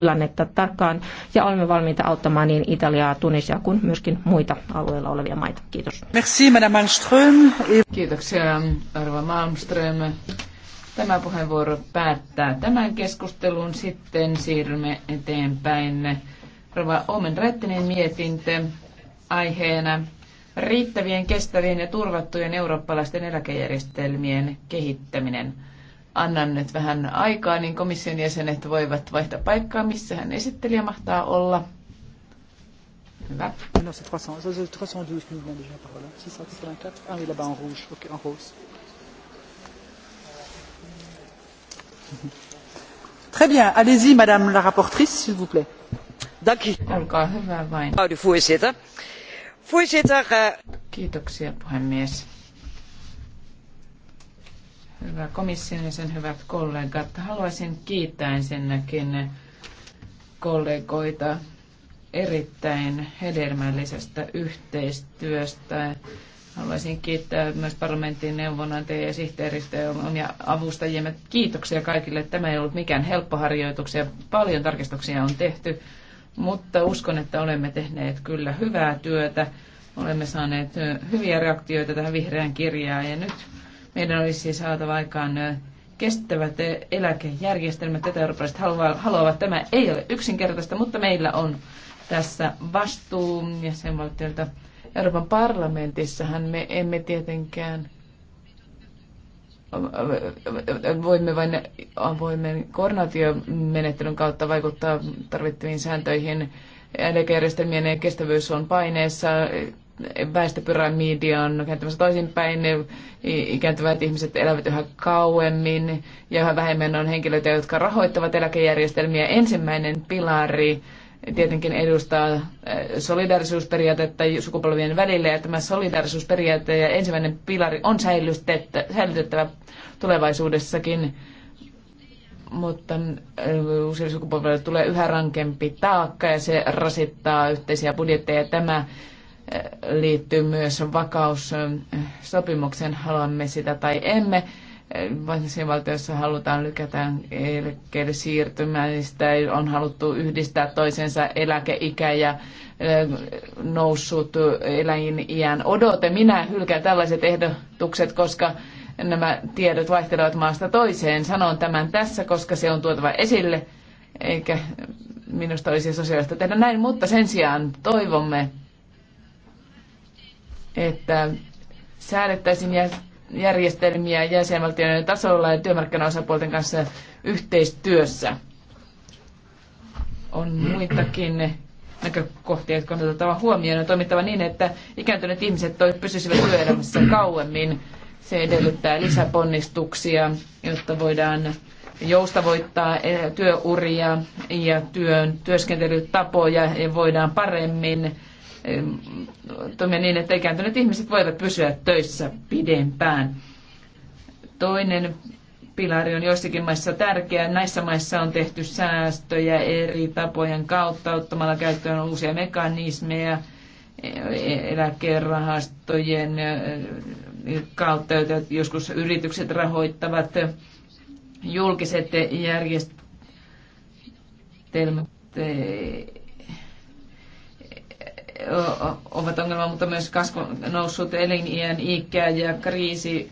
tilannetta tarkkaan ja olemme valmiita auttamaan niin Italiaa, Tunisiaa kuin myöskin muita alueella olevia maita. Kiitos. Merci, Madame Malmström. Kiitoksia, Arva Malmström. Tämä puheenvuoro päättää tämän keskustelun. Sitten siirrymme eteenpäin. Rova Omen Rättinen mietintö aiheena riittävien, kestävien ja turvattujen eurooppalaisten eläkejärjestelmien kehittäminen annan nyt vähän aikaa, niin komission jäsenet voivat vaihtaa paikkaa, missä hän esittelijä mahtaa olla. Hyvä. Non, c'est 300, 312 qui nous demande déjà par là. 684. Ah oui, là-bas en rouge. Ok, en rose. Très bien. Allez-y, madame la rapporteure, s'il vous plaît. Dank Olkaa hyvä vain. Voorzitter. Voorzitter. Eh, Kiitoksia, puhemies Hyvä komission ja sen hyvät kollegat. Haluaisin kiittää ensinnäkin kollegoita erittäin hedelmällisestä yhteistyöstä. Haluaisin kiittää myös parlamentin neuvonantajia ja sihteeristöä ja avustajia. Kiitoksia kaikille. Tämä ei ollut mikään helppo ja Paljon tarkistuksia on tehty, mutta uskon, että olemme tehneet kyllä hyvää työtä. Olemme saaneet hyviä reaktioita tähän vihreään kirjaan ja nyt meidän olisi siis saatava aikaan kestävät eläkejärjestelmät, tätä eurooppalaiset haluavat. Tämä ei ole yksinkertaista, mutta meillä on tässä vastuu jäsenvaltiolta. Euroopan parlamentissahan me emme tietenkään voimme vain avoimen koordinaatiomenettelyn kautta vaikuttaa tarvittaviin sääntöihin. Eläkejärjestelmien kestävyys on paineessa väestöpyramidi on kääntymässä toisinpäin, ikääntyvät ihmiset elävät yhä kauemmin ja yhä vähemmän on henkilöitä, jotka rahoittavat eläkejärjestelmiä. Ensimmäinen pilari tietenkin edustaa äh, solidaarisuusperiaatetta sukupolvien välille ja tämä solidaarisuusperiaate ja ensimmäinen pilari on säilytettävä tulevaisuudessakin mutta äh, uusille sukupolville tulee yhä rankempi taakka ja se rasittaa yhteisiä budjetteja. Tämä liittyy myös vakaussopimukseen, haluamme sitä tai emme. Valtiossa halutaan lykätä eläkkeelle siirtymistä, on haluttu yhdistää toisensa eläkeikä ja noussut iän odote. Minä hylkään tällaiset ehdotukset, koska nämä tiedot vaihtelevat maasta toiseen. Sanon tämän tässä, koska se on tuotava esille, eikä minusta olisi sosiaalista tehdä näin, mutta sen sijaan toivomme, että säädettäisiin järjestelmiä jäsenvaltioiden tasolla ja työmarkkinaosapuolten kanssa yhteistyössä. On muitakin näkökohtia, jotka on otettava huomioon. On toimittava niin, että ikääntyneet ihmiset pysyisivät työelämässä kauemmin. Se edellyttää lisäponnistuksia, jotta voidaan joustavoittaa eh, työuria ja työn, työskentelytapoja ja voidaan paremmin toimia niin, että ikääntyneet ihmiset voivat pysyä töissä pidempään. Toinen pilari on joissakin maissa tärkeä. Näissä maissa on tehty säästöjä eri tapojen kautta ottamalla käyttöön uusia mekanismeja e, e, eläkerahastojen e, kautta, joita joskus yritykset rahoittavat julkiset järjestelmät ovat ongelma, mutta myös kasvu, noussut eliniän ikä ja kriisi,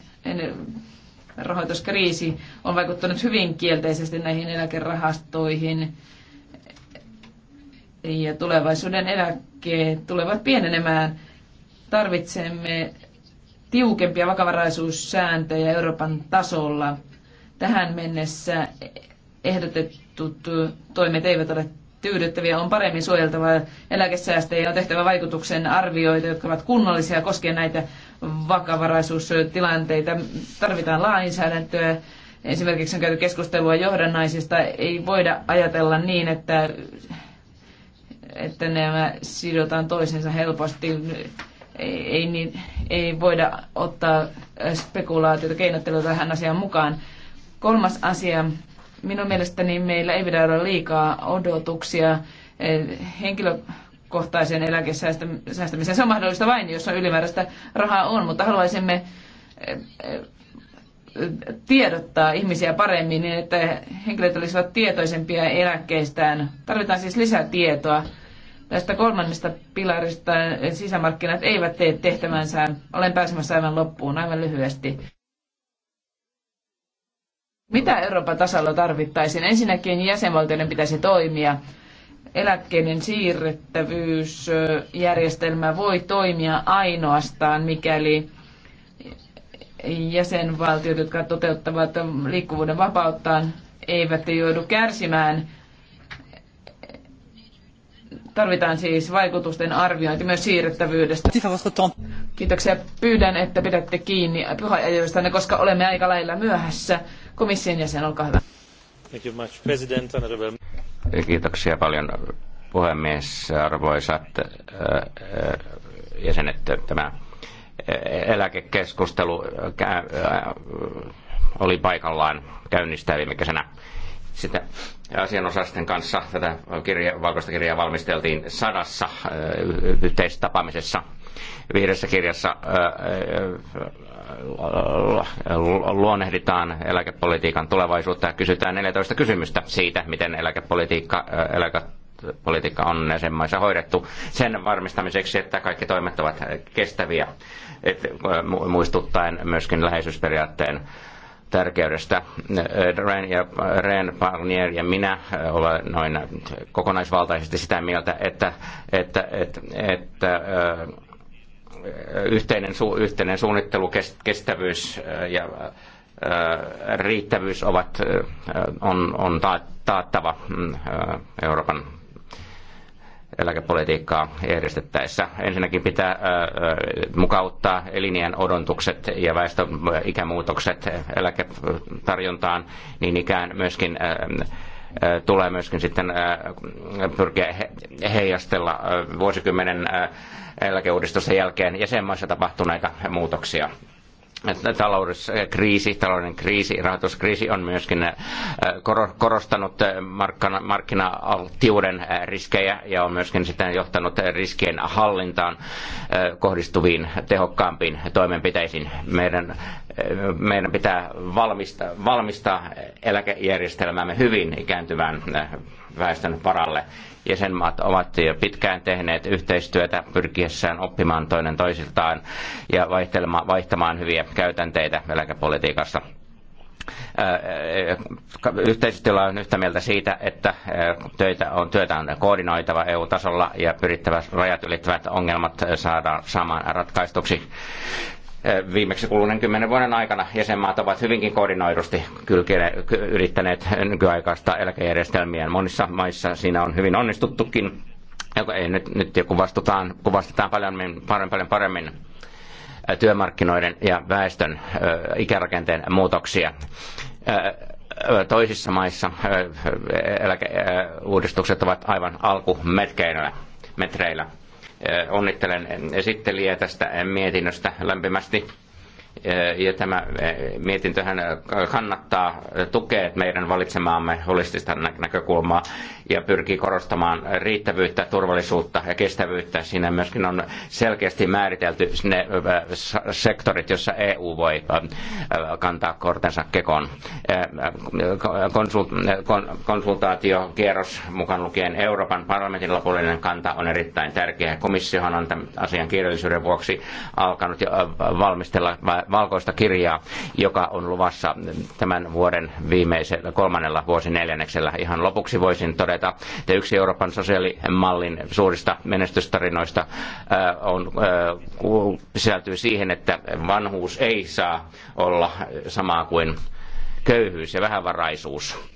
rahoituskriisi on vaikuttanut hyvin kielteisesti näihin eläkerahastoihin. Ja tulevaisuuden eläkkeet tulevat pienenemään. Tarvitsemme tiukempia vakavaraisuussääntöjä Euroopan tasolla. Tähän mennessä ehdotetut toimet eivät ole tyydyttäviä, on paremmin suojeltava eläkesäästäjiä ja on tehtävä vaikutuksen arvioita, jotka ovat kunnollisia koskien näitä vakavaraisuustilanteita. Tarvitaan lainsäädäntöä. Esimerkiksi on käyty keskustelua johdannaisista. Ei voida ajatella niin, että, että nämä sidotaan toisensa helposti. Ei, ei, niin, ei voida ottaa spekulaatiota, keinottelua tähän asiaan mukaan. Kolmas asia Minun mielestäni meillä ei pidä olla liikaa odotuksia eh, henkilökohtaisen eläkesäästämiseen. Se on mahdollista vain, jos on ylimääräistä rahaa on, mutta haluaisimme eh, eh, tiedottaa ihmisiä paremmin niin, että henkilöt olisivat tietoisempia eläkkeistään. Tarvitaan siis lisää tietoa. Tästä kolmannesta pilarista sisämarkkinat eivät tee tehtävänsä. Olen pääsemässä aivan loppuun aivan lyhyesti. Mitä Euroopan tasolla tarvittaisiin? Ensinnäkin jäsenvaltioiden pitäisi toimia. Eläkkeiden siirrettävyysjärjestelmä voi toimia ainoastaan, mikäli jäsenvaltiot, jotka toteuttavat liikkuvuuden vapauttaan, eivät joudu kärsimään. Tarvitaan siis vaikutusten arviointi myös siirrettävyydestä. Kiitoksia. Pyydän, että pidätte kiinni puheenjohtajanne, koska olemme aika lailla myöhässä. Komission jäsen, olkaa hyvä. Thank you much, President. Kiitoksia paljon puhemies, arvoisat jäsenet. Tämä eläkekeskustelu oli paikallaan käynnistää viime kesänä sitä asianosaisten kanssa tätä kirja, valkoista kirjaa valmisteltiin sadassa yhteistapaamisessa Viidessä kirjassa luonnehditaan eläkepolitiikan tulevaisuutta ja kysytään 14 kysymystä siitä, miten eläkepolitiikka, eläkepolitiikka on jäsenmaissa hoidettu sen varmistamiseksi, että kaikki toimet ovat kestäviä, et, muistuttaen myöskin läheisyysperiaatteen tärkeydestä. Ren ja, Ren, Parnier ja minä olen noin kokonaisvaltaisesti sitä mieltä, että, että, että, että, että yhteinen, su, yhteinen suunnittelu, kestävyys äh, ja äh, riittävyys ovat, äh, on, on taattava mm, Euroopan eläkepolitiikkaa järjestettäessä. Ensinnäkin pitää mukauttaa elinien odotukset ja väestön ikämuutokset eläketarjontaan, niin ikään myöskin tulee myöskin sitten pyrkiä heijastella vuosikymmenen eläkeuudistusten jälkeen jäsenmaissa tapahtuneita muutoksia talouskriisi, eh, talouden kriisi, rahoituskriisi on myöskin eh, korostanut eh, markkina alttiuden riskejä ja on myöskin sitten johtanut riskien hallintaan kohdistuviin tehokkaampiin toimenpiteisiin. Meidän, meidän pitää valmistaa, valmistaa eläkejärjestelmämme hyvin ikääntyvään väestön varalle. Jäsenmaat ovat jo pitkään tehneet yhteistyötä pyrkiessään oppimaan toinen toisiltaan ja vaihtamaan hyviä käytänteitä eläkepolitiikassa äh, äh, Yhteistyöllä on yhtä mieltä siitä, että äh, töitä on, työtä on koordinoitava EU-tasolla ja pyrittävä rajat ylittävät ongelmat saadaan saamaan ratkaistuksi. Eh, viimeksi kuluneen kymmenen vuoden aikana jäsenmaat ovat hyvinkin koordinoidusti kylkele, yrittäneet nykyaikaista eläkejärjestelmiä. Monissa maissa siinä on hyvin onnistuttukin. Ei, nyt, nyt kuvastetaan, kuvastetaan niin paljon, paljon paremmin eh, työmarkkinoiden ja väestön eh, ikärakenteen muutoksia toisissa maissa eläkeuudistukset ovat aivan alkumetreillä. Onnittelen esittelijää tästä mietinnöstä lämpimästi ja tämä mietintöhän äh, kannattaa, äh, tukee meidän valitsemaamme holistista näkökulmaa ja pyrkii korostamaan riittävyyttä, turvallisuutta ja kestävyyttä. Siinä myöskin on selkeästi määritelty ne sektorit, joissa EU voi kantaa kortensa kekoon. Konsultaatiokierros mukaan lukien Euroopan parlamentin lopullinen kanta on erittäin tärkeä. Komissiohan on tämän asian kirjallisuuden vuoksi alkanut jo valmistella valkoista kirjaa, joka on luvassa tämän vuoden viimeisellä kolmannella vuosineljänneksellä. Ihan lopuksi voisin todeta, että yksi Euroopan sosiaalimallin suurista menestystarinoista äh, on, äh, sisältyy siihen, että vanhuus ei saa olla samaa kuin köyhyys ja vähävaraisuus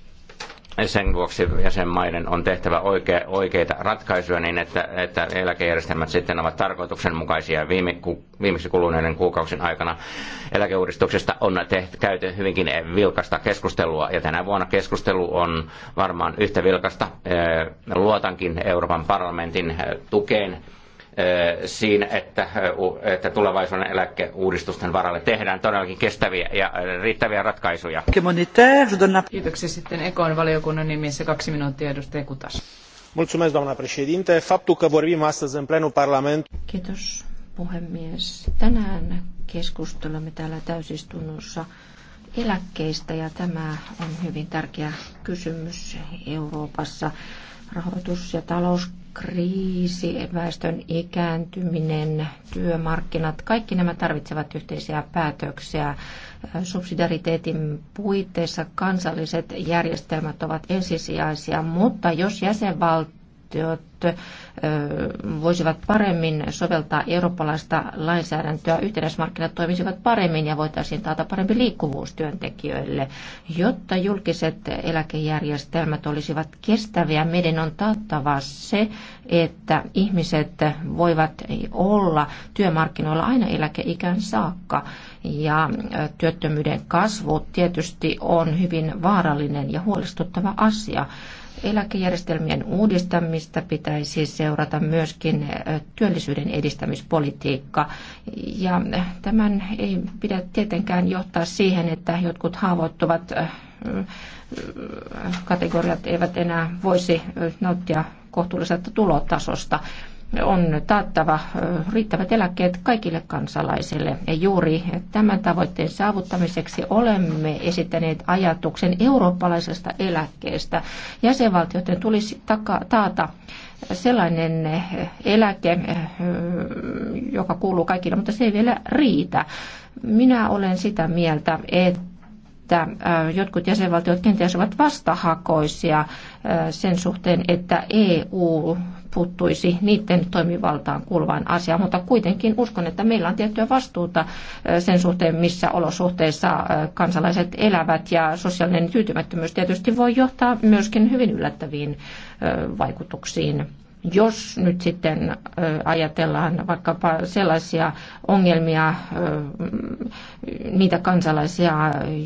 sen vuoksi jäsenmaiden on tehtävä oikea, oikeita ratkaisuja niin, että, että eläkejärjestelmät sitten ovat tarkoituksenmukaisia. Viime, ku, viimeksi kuluneiden kuukausien aikana eläkeuudistuksesta on tehty, käyty hyvinkin vilkasta keskustelua ja tänä vuonna keskustelu on varmaan yhtä vilkasta. Luotankin Euroopan parlamentin tukeen siinä, että, että tulevaisuuden eläkeuudistusten varalle tehdään todellakin kestäviä ja riittäviä ratkaisuja. Kiitoksia sitten Ekon valiokunnan nimissä. Kaksi minuuttia edustaja Kutas. Mulțumesc, doamna președinte. Faptul că vorbim astăzi în plenul Parlament... Kiitos, puhemies. Tänään keskustelemme täällä täysistunnossa eläkkeistä ja tämä on hyvin tärkeä kysymys Euroopassa. Rahoitus- ja talous kriisi, väestön ikääntyminen, työmarkkinat, kaikki nämä tarvitsevat yhteisiä päätöksiä. Subsidiariteetin puitteissa kansalliset järjestelmät ovat ensisijaisia, mutta jos jäsenvaltio jäsenvaltiot voisivat paremmin soveltaa eurooppalaista lainsäädäntöä, yhtenäismarkkinat toimisivat paremmin ja voitaisiin taata parempi liikkuvuus työntekijöille. Jotta julkiset eläkejärjestelmät olisivat kestäviä, meidän on taattava se, että ihmiset voivat olla työmarkkinoilla aina eläkeikään saakka. Ja työttömyyden kasvu tietysti on hyvin vaarallinen ja huolestuttava asia. Eläkejärjestelmien uudistamista pitäisi seurata myöskin työllisyyden edistämispolitiikka. Ja tämän ei pidä tietenkään johtaa siihen, että jotkut haavoittuvat kategoriat eivät enää voisi nauttia kohtuullisesta tulotasosta on taattava riittävät eläkkeet kaikille kansalaisille. Ja juuri tämän tavoitteen saavuttamiseksi olemme esittäneet ajatuksen eurooppalaisesta eläkkeestä. Jäsenvaltioiden tulisi taata sellainen eläke, joka kuuluu kaikille, mutta se ei vielä riitä. Minä olen sitä mieltä, että että jotkut jäsenvaltiot kenties ovat vastahakoisia sen suhteen, että EU puuttuisi niiden toimivaltaan kuuluvaan asiaan, mutta kuitenkin uskon, että meillä on tiettyä vastuuta sen suhteen, missä olosuhteissa kansalaiset elävät ja sosiaalinen tyytymättömyys tietysti voi johtaa myöskin hyvin yllättäviin vaikutuksiin jos nyt sitten ajatellaan vaikkapa sellaisia ongelmia, niitä kansalaisia,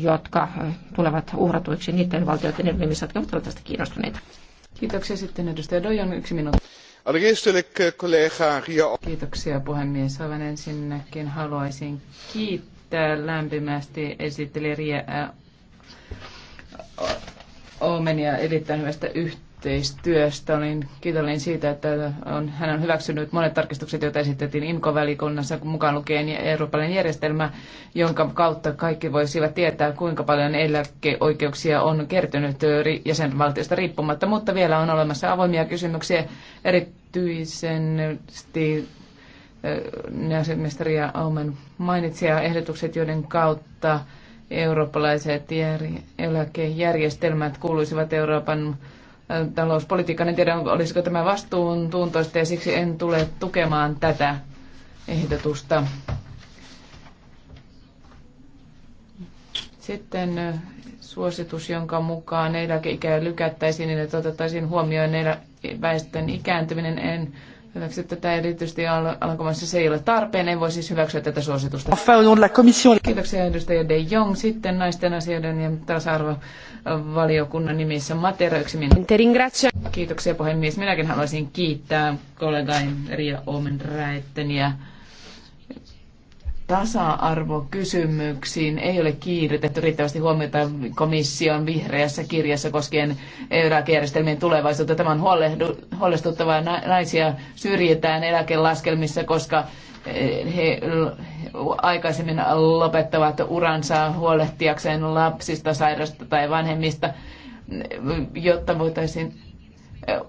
jotka tulevat uhratuiksi niiden valtioiden nimissä, jotka ovat tästä kiinnostuneita. Kiitoksia sitten edustaja Dojon, yksi minuutti. Allereerst wil Ria... Kiitoksia puhemies. Aivan ensinnäkin haluaisin kiittää lämpimästi esittelijä Ria Omenia erittäin hyvästä yhteydestä yhteistyöstä. Olin kiitollinen siitä, että on, hän on hyväksynyt monet tarkistukset, joita esitettiin IMCO-välikonnassa mukaan lukien Euroopan järjestelmä, jonka kautta kaikki voisivat tietää, kuinka paljon eläkeoikeuksia on kertynyt jäsenvaltiosta riippumatta. Mutta vielä on olemassa avoimia kysymyksiä, erityisesti mestari Auman mainitsi ja ehdotukset, joiden kautta eurooppalaiset eläkejärjestelmät kuuluisivat Euroopan talouspolitiikan, En tiedä, olisiko tämä vastuun ja siksi en tule tukemaan tätä ehdotusta. Sitten suositus, jonka mukaan eläkeikää lykättäisiin, niin että otettaisiin huomioon väestön ikääntyminen. En hyväksy tätä erityisesti al- alkomaissa se ei ole tarpeen. En voi siis hyväksyä tätä suositusta. Kiitoksia edustaja De Jong. Sitten naisten asioiden ja tasa-arvovaliokunnan nimissä Matera yksimielinen. Kiitoksia puhemies. Minäkin haluaisin kiittää kollegain Ria Omen ja tasa-arvokysymyksiin ei ole kiinnitetty riittävästi huomiota komission vihreässä kirjassa koskien eläkejärjestelmien tulevaisuutta. Tämä on huolestuttavaa. Naisia syrjitään eläkelaskelmissa, koska eh, he aikaisemmin lopettavat uransa huolehtiakseen lapsista, sairasta tai vanhemmista, jotta voitaisiin eh,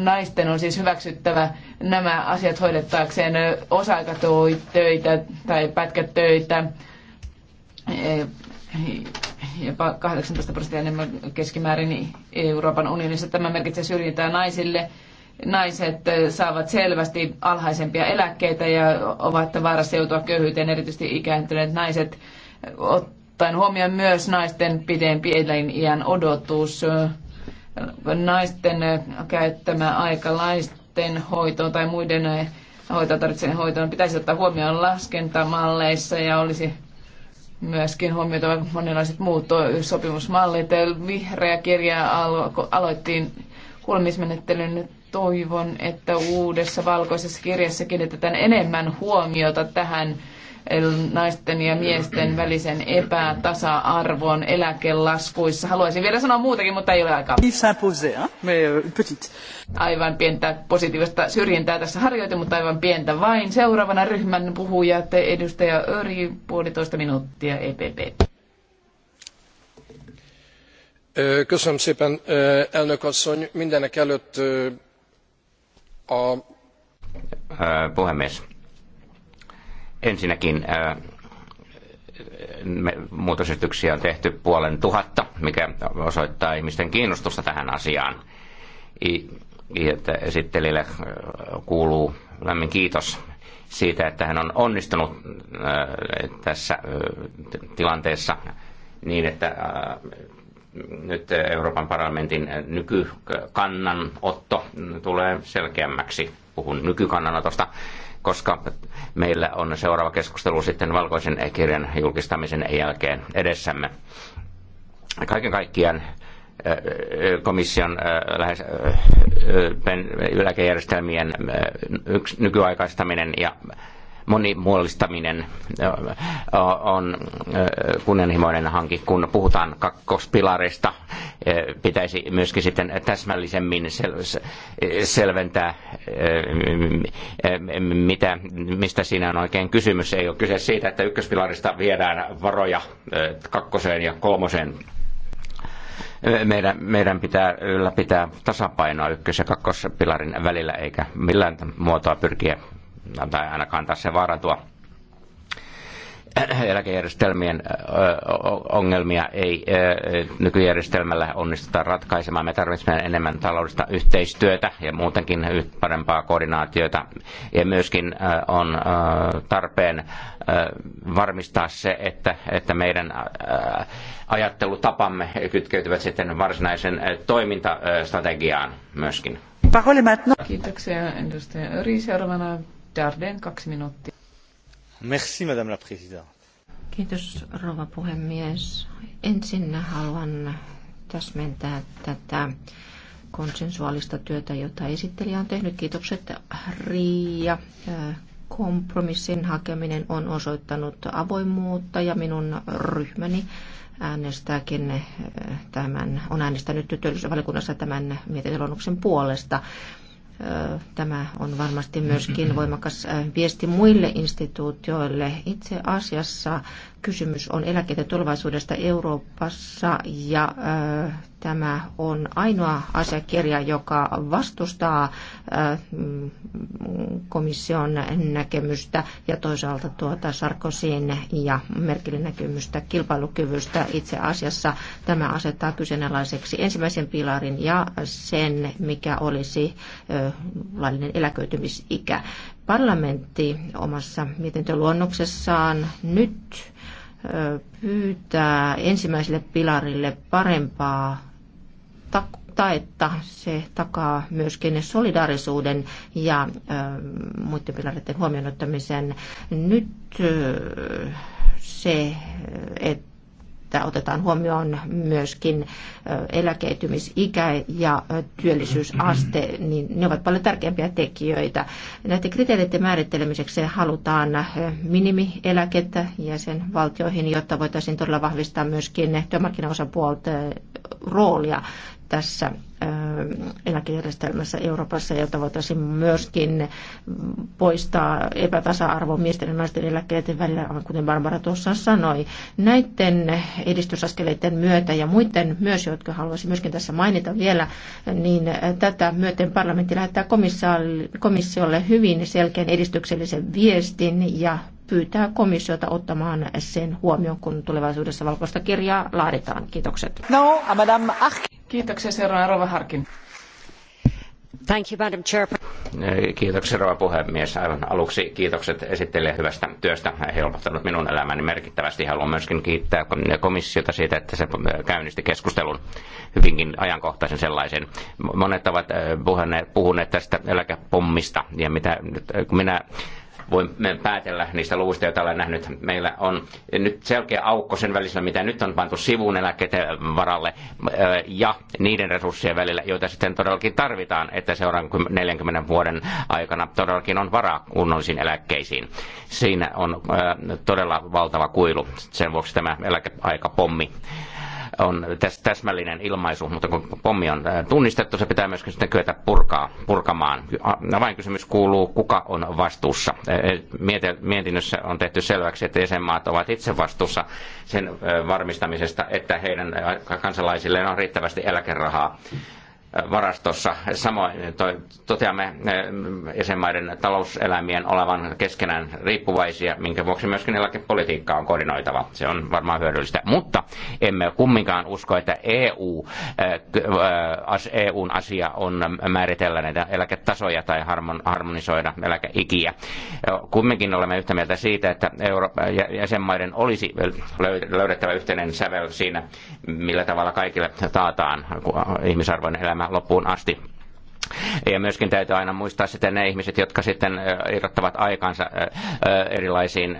naisten on siis hyväksyttävä nämä asiat hoidettaakseen osa-aikatöitä tai pätkätöitä e, jopa 18 prosenttia enemmän keskimäärin Euroopan unionissa. Tämä merkitsee syrjintää naisille. Naiset saavat selvästi alhaisempia eläkkeitä ja ovat vaarassa joutua köyhyyteen, erityisesti ikääntyneet naiset. Ottaen huomioon myös naisten pidempi iän odotus naisten käyttämä aika naisten hoitoon tai muiden hoitoa tarvitsevien hoitoon pitäisi ottaa huomioon laskentamalleissa ja olisi myöskin huomioitava monenlaiset muut sopimusmallit. Vihreä kirja alo- aloittiin kuulemismenettelyn toivon, että uudessa valkoisessa kirjassa kiinnitetään enemmän huomiota tähän naisten ja miesten välisen epätasa-arvon eläkelaskuissa. Haluaisin vielä sanoa muutakin, mutta ei ole aikaa. Euh, aivan pientä positiivista syrjintää tässä harjoitin, mutta aivan pientä vain. Seuraavana ryhmän puhuja te edustaja Öri, puolitoista minuuttia EPP. Köszönöm szépen, elnök asszony. Mindenek előtt a... Puhemies Ensinnäkin äh, me, muutosyhtyksiä on tehty puolen tuhatta, mikä osoittaa ihmisten kiinnostusta tähän asiaan. I, että esittelijälle äh, kuuluu lämmin kiitos siitä, että hän on onnistunut äh, tässä tilanteessa niin, että nyt Euroopan parlamentin nykykannanotto tulee selkeämmäksi. Puhun nykykannanotosta koska meillä on seuraava keskustelu sitten valkoisen kirjan julkistamisen jälkeen edessämme. Kaiken kaikkiaan eh, eh, komission eh, lähes yläkejärjestelmien nykyaikaistaminen ja monimuolistaminen on kunnianhimoinen hanke. Kun puhutaan kakkospilarista, e, pitäisi myöskin sitten täsmällisemmin e, selventää, e, mitä, mistä siinä on oikein kysymys. Ei ole kyse siitä, että ykköspilarista viedään varoja kakkoseen ja kolmoseen meidän, meidän pitää ylläpitää tasapainoa ykkös- ja kakkospilarin välillä, eikä millään muotoa pyrkiä No, tai ainakaan antaa se vaarantua eläkejärjestelmien ongelmia ei nykyjärjestelmällä onnistuta ratkaisemaan. Me tarvitsemme enemmän taloudellista yhteistyötä ja muutenkin parempaa koordinaatiota. Ja myöskin on tarpeen varmistaa se, että, että meidän ajattelutapamme kytkeytyvät sitten varsinaisen toimintastrategiaan myöskin. Kiitoksia edustaja Öri. Seuraavana Darden, kaksi minuuttia. Merci, madame la présidente. Kiitos, rouva puhemies. Ensin haluan täsmentää tätä konsensuaalista työtä, jota esittelijä on tehnyt. Kiitokset Riia. Kompromissin hakeminen on osoittanut avoimuutta ja minun ryhmäni äänestääkin tämän, on äänestänyt työllisyysvaliokunnassa tämän mietintöluonnoksen puolesta. Tämä on varmasti myöskin voimakas viesti muille instituutioille. Itse asiassa kysymys on eläkkeiden tulevaisuudesta Euroopassa ja Tämä on ainoa asiakirja, joka vastustaa komission näkemystä ja toisaalta tuota Sarkosin ja Merkelin näkemystä kilpailukyvystä. Itse asiassa tämä asettaa kyseenalaiseksi ensimmäisen pilarin ja sen, mikä olisi laillinen eläköitymisikä. Parlamentti omassa mietintöluonnoksessaan nyt pyytää ensimmäiselle pilarille parempaa taetta. Se takaa myöskin solidaarisuuden ja ö, muiden pilareiden huomioon ottamisen. Nyt ö, se, että että otetaan huomioon myöskin eläkeytymisikä ja työllisyysaste, niin ne ovat paljon tärkeämpiä tekijöitä. Näiden kriteereiden määrittelemiseksi halutaan minimieläkettä jäsenvaltioihin, jotta voitaisiin todella vahvistaa myöskin työmarkkinaosapuolten roolia tässä eläkejärjestelmässä Euroopassa, jota voitaisiin myöskin poistaa epätasa-arvo miesten ja naisten eläkkeiden välillä, kuten Barbara tuossa sanoi. Näiden edistysaskeleiden myötä ja muiden myös, jotka haluaisin myöskin tässä mainita vielä, niin tätä myöten parlamentti lähettää komissiolle hyvin selkeän edistyksellisen viestin ja pyytää komissiota ottamaan sen huomioon, kun tulevaisuudessa valkoista kirjaa laaditaan. Kiitokset. No, madame Kiitoksia Thank you, Madam Chair. Kiitoksia puhemies. Aivan aluksi kiitokset esittelijä hyvästä työstä. Helpottanut minun elämäni merkittävästi. Haluan myöskin kiittää komissiota siitä, että se käynnisti keskustelun hyvinkin ajankohtaisen sellaisen. Monet ovat eh, puhuneet, puhuneet tästä eläkepommista ja mitä nyt, kun minä voimme päätellä niistä luvuista, joita olen nähnyt. Meillä on nyt selkeä aukko sen välisellä, mitä nyt on pantu sivuun eläkkeiden varalle äh, ja niiden resurssien välillä, joita sitten todellakin tarvitaan, että seuraavan 40 vuoden aikana todellakin on varaa kunnollisiin eläkkeisiin. Siinä on äh, todella valtava kuilu. Sen vuoksi tämä eläkeaikapommi. pommi on täsmällinen ilmaisu, mutta kun pommi on äh, tunnistettu, se pitää myöskin sitten kyetä purkaa, purkamaan. Avainkysymys kuuluu, kuka on vastuussa. Äh, äh, mietinnössä on tehty selväksi, että jäsenmaat ovat itse vastuussa sen varmistamisesta, että heidän kansalaisilleen on riittävästi eläkerahaa varastossa. Samoin eh, toteamme eh, jäsenmaiden talouselämien olevan keskenään riippuvaisia, minkä vuoksi myöskin eläkepolitiikkaa on koordinoitava. Se on varmaan hyödyllistä. Mutta emme kumminkaan usko, että EU, EUn eh, e asia on määritellä näitä eläketasoja tai harmonisoida eläkeikiä. Kumminkin olemme yhtä mieltä siitä, että Euro- jäsenmaiden olisi löydettävä yhteinen sävel siinä, millä tavalla kaikille taataan ihmisarvoinen elämä loppuun asti. Ja myöskin täytyy aina muistaa sitten ne ihmiset, jotka sitten irrottavat aikansa erilaisiin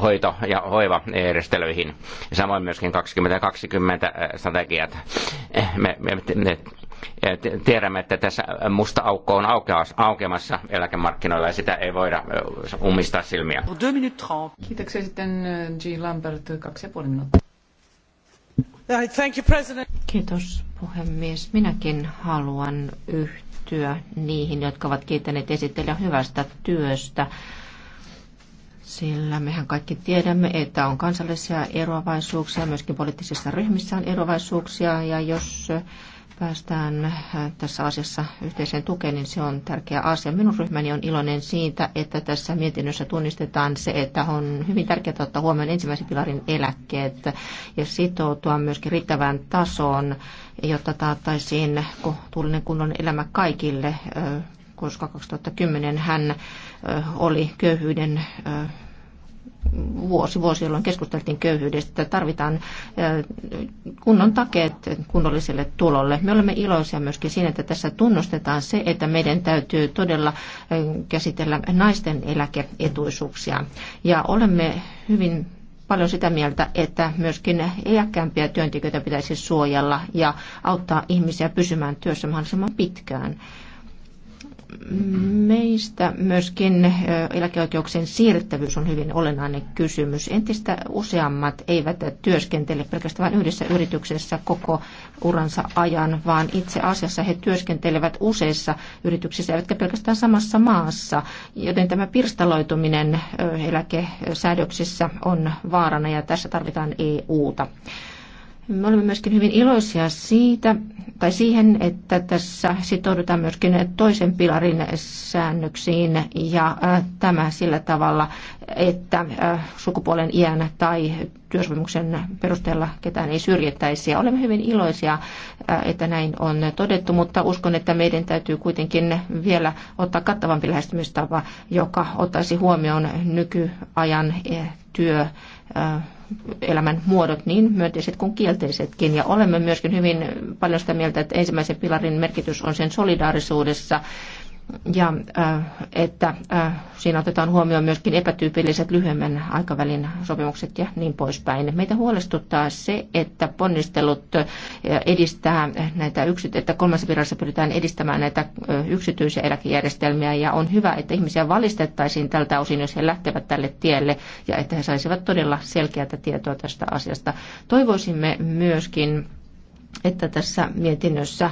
hoito- ja hoivajärjestelyihin. Samoin myöskin 2020 strategiat. Me, me, me tiedämme, että tässä musta aukko on aukeamassa eläkemarkkinoilla ja sitä ei voida ummistaa silmiä. Kiitoksia sitten Jean Lambert, kaksi ja puoli minuuttia. Kiitos puhemies. Minäkin haluan yhtyä niihin, jotka ovat kiittäneet esittelijä hyvästä työstä. Sillä mehän kaikki tiedämme, että on kansallisia eroavaisuuksia, myöskin poliittisissa ryhmissä on eroavaisuuksia, ja jos päästään äh, tässä asiassa yhteiseen tukeen, niin se on tärkeä asia. Minun ryhmäni on iloinen siitä, että tässä mietinnössä tunnistetaan se, että on hyvin tärkeää ottaa huomioon ensimmäisen pilarin eläkkeet ja sitoutua myöskin riittävään tasoon, jotta taattaisiin kohtuullinen kunnon elämä kaikille, äh, koska 2010 hän äh, oli köyhyyden vuosi, vuosi, jolloin keskusteltiin köyhyydestä. Tarvitaan kunnon takeet kunnolliselle tulolle. Me olemme iloisia myöskin siinä, että tässä tunnustetaan se, että meidän täytyy todella käsitellä naisten eläkeetuisuuksia. Ja olemme hyvin paljon sitä mieltä, että myöskin iäkkäämpiä työntekijöitä pitäisi suojella ja auttaa ihmisiä pysymään työssä mahdollisimman pitkään meistä myöskin eläkeoikeuksien siirrettävyys on hyvin olennainen kysymys. Entistä useammat eivät työskentele pelkästään yhdessä yrityksessä koko uransa ajan, vaan itse asiassa he työskentelevät useissa yrityksissä, eivätkä pelkästään samassa maassa. Joten tämä pirstaloituminen eläkesäädöksissä on vaarana ja tässä tarvitaan EUta. Me olemme myöskin hyvin iloisia siitä, tai siihen, että tässä sitoudutaan myöskin toisen pilarin säännöksiin ja äh, tämä sillä tavalla, että äh, sukupuolen iän tai työsopimuksen perusteella ketään ei syrjittäisi. olemme hyvin iloisia, äh, että näin on todettu, mutta uskon, että meidän täytyy kuitenkin vielä ottaa kattavampi lähestymistapa, joka ottaisi huomioon nykyajan työ elämän muodot, niin myönteiset kuin kielteisetkin. Ja olemme myöskin hyvin paljon sitä mieltä, että ensimmäisen pilarin merkitys on sen solidaarisuudessa ja äh, että äh, siinä otetaan huomioon myöskin epätyypilliset lyhyemmän aikavälin sopimukset ja niin poispäin. Meitä huolestuttaa se, että ponnistelut äh, edistää näitä yksi, että kolmessa virassa pyritään edistämään näitä yksityisiä eläkejärjestelmiä ja on hyvä, että ihmisiä valistettaisiin tältä osin, jos he lähtevät tälle tielle ja että he saisivat todella selkeää tietoa tästä asiasta. Toivoisimme myöskin, että tässä mietinnössä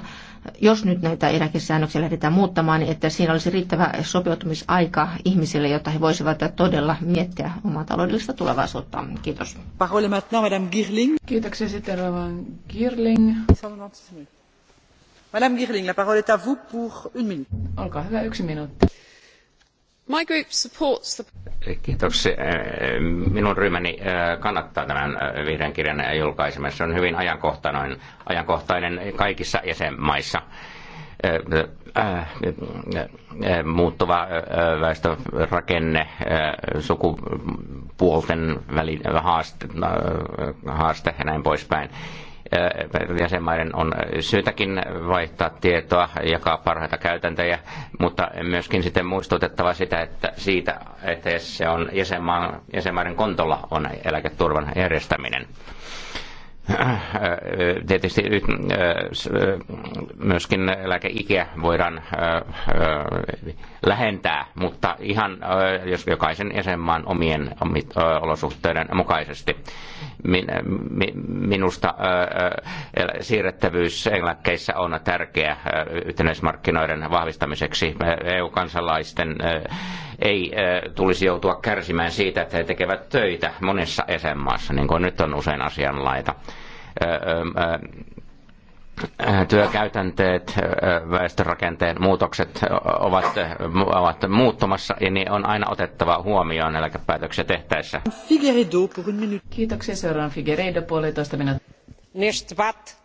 jos nyt näitä eläkesäännöksiä lähdetään muuttamaan, niin että siinä olisi riittävä sopeutumisaika ihmisille, jotta he voisivat todella miettiä omaa taloudellista tulevaisuutta. Kiitos. Kiitoksia sitten Rovan Girling. Madame Girling, la parole est à vous pour une minute. Olkaa hyvä, yksi minuutti. My group supports the... Kiitoksia. Minun ryhmäni kannattaa tämän vihreän kirjan julkaisemista. Se on hyvin ajankohtainen, ajankohtainen kaikissa jäsenmaissa muuttuva väestörakenne, sukupuolten välin haaste, haaste ja näin poispäin jäsenmaiden on syytäkin vaihtaa tietoa, jakaa parhaita käytäntöjä, mutta myöskin sitten muistutettava sitä, että siitä, että se on jäsenmaiden kontolla on eläketurvan järjestäminen. Äh, tietysti äh, äh, myöskin eläkeikiä voidaan lähentää, mutta ihan jos jokaisen jäsenmaan omien olosuhteiden mukaisesti. Minusta siirrettävyys eläkkeissä on tärkeä yhtenäismarkkinoiden vahvistamiseksi EU-kansalaisten ei tulisi joutua kärsimään siitä, että he tekevät töitä monessa jäsenmaassa, niin kuin nyt on usein asianlaita. Työkäytänteet, väestörakenteen muutokset ovat, ovat muuttumassa ja niin on aina otettava huomioon eläkepäätöksiä tehtäessä. Kiitoksia seuraan Figueredo puolitoista minuuttia neste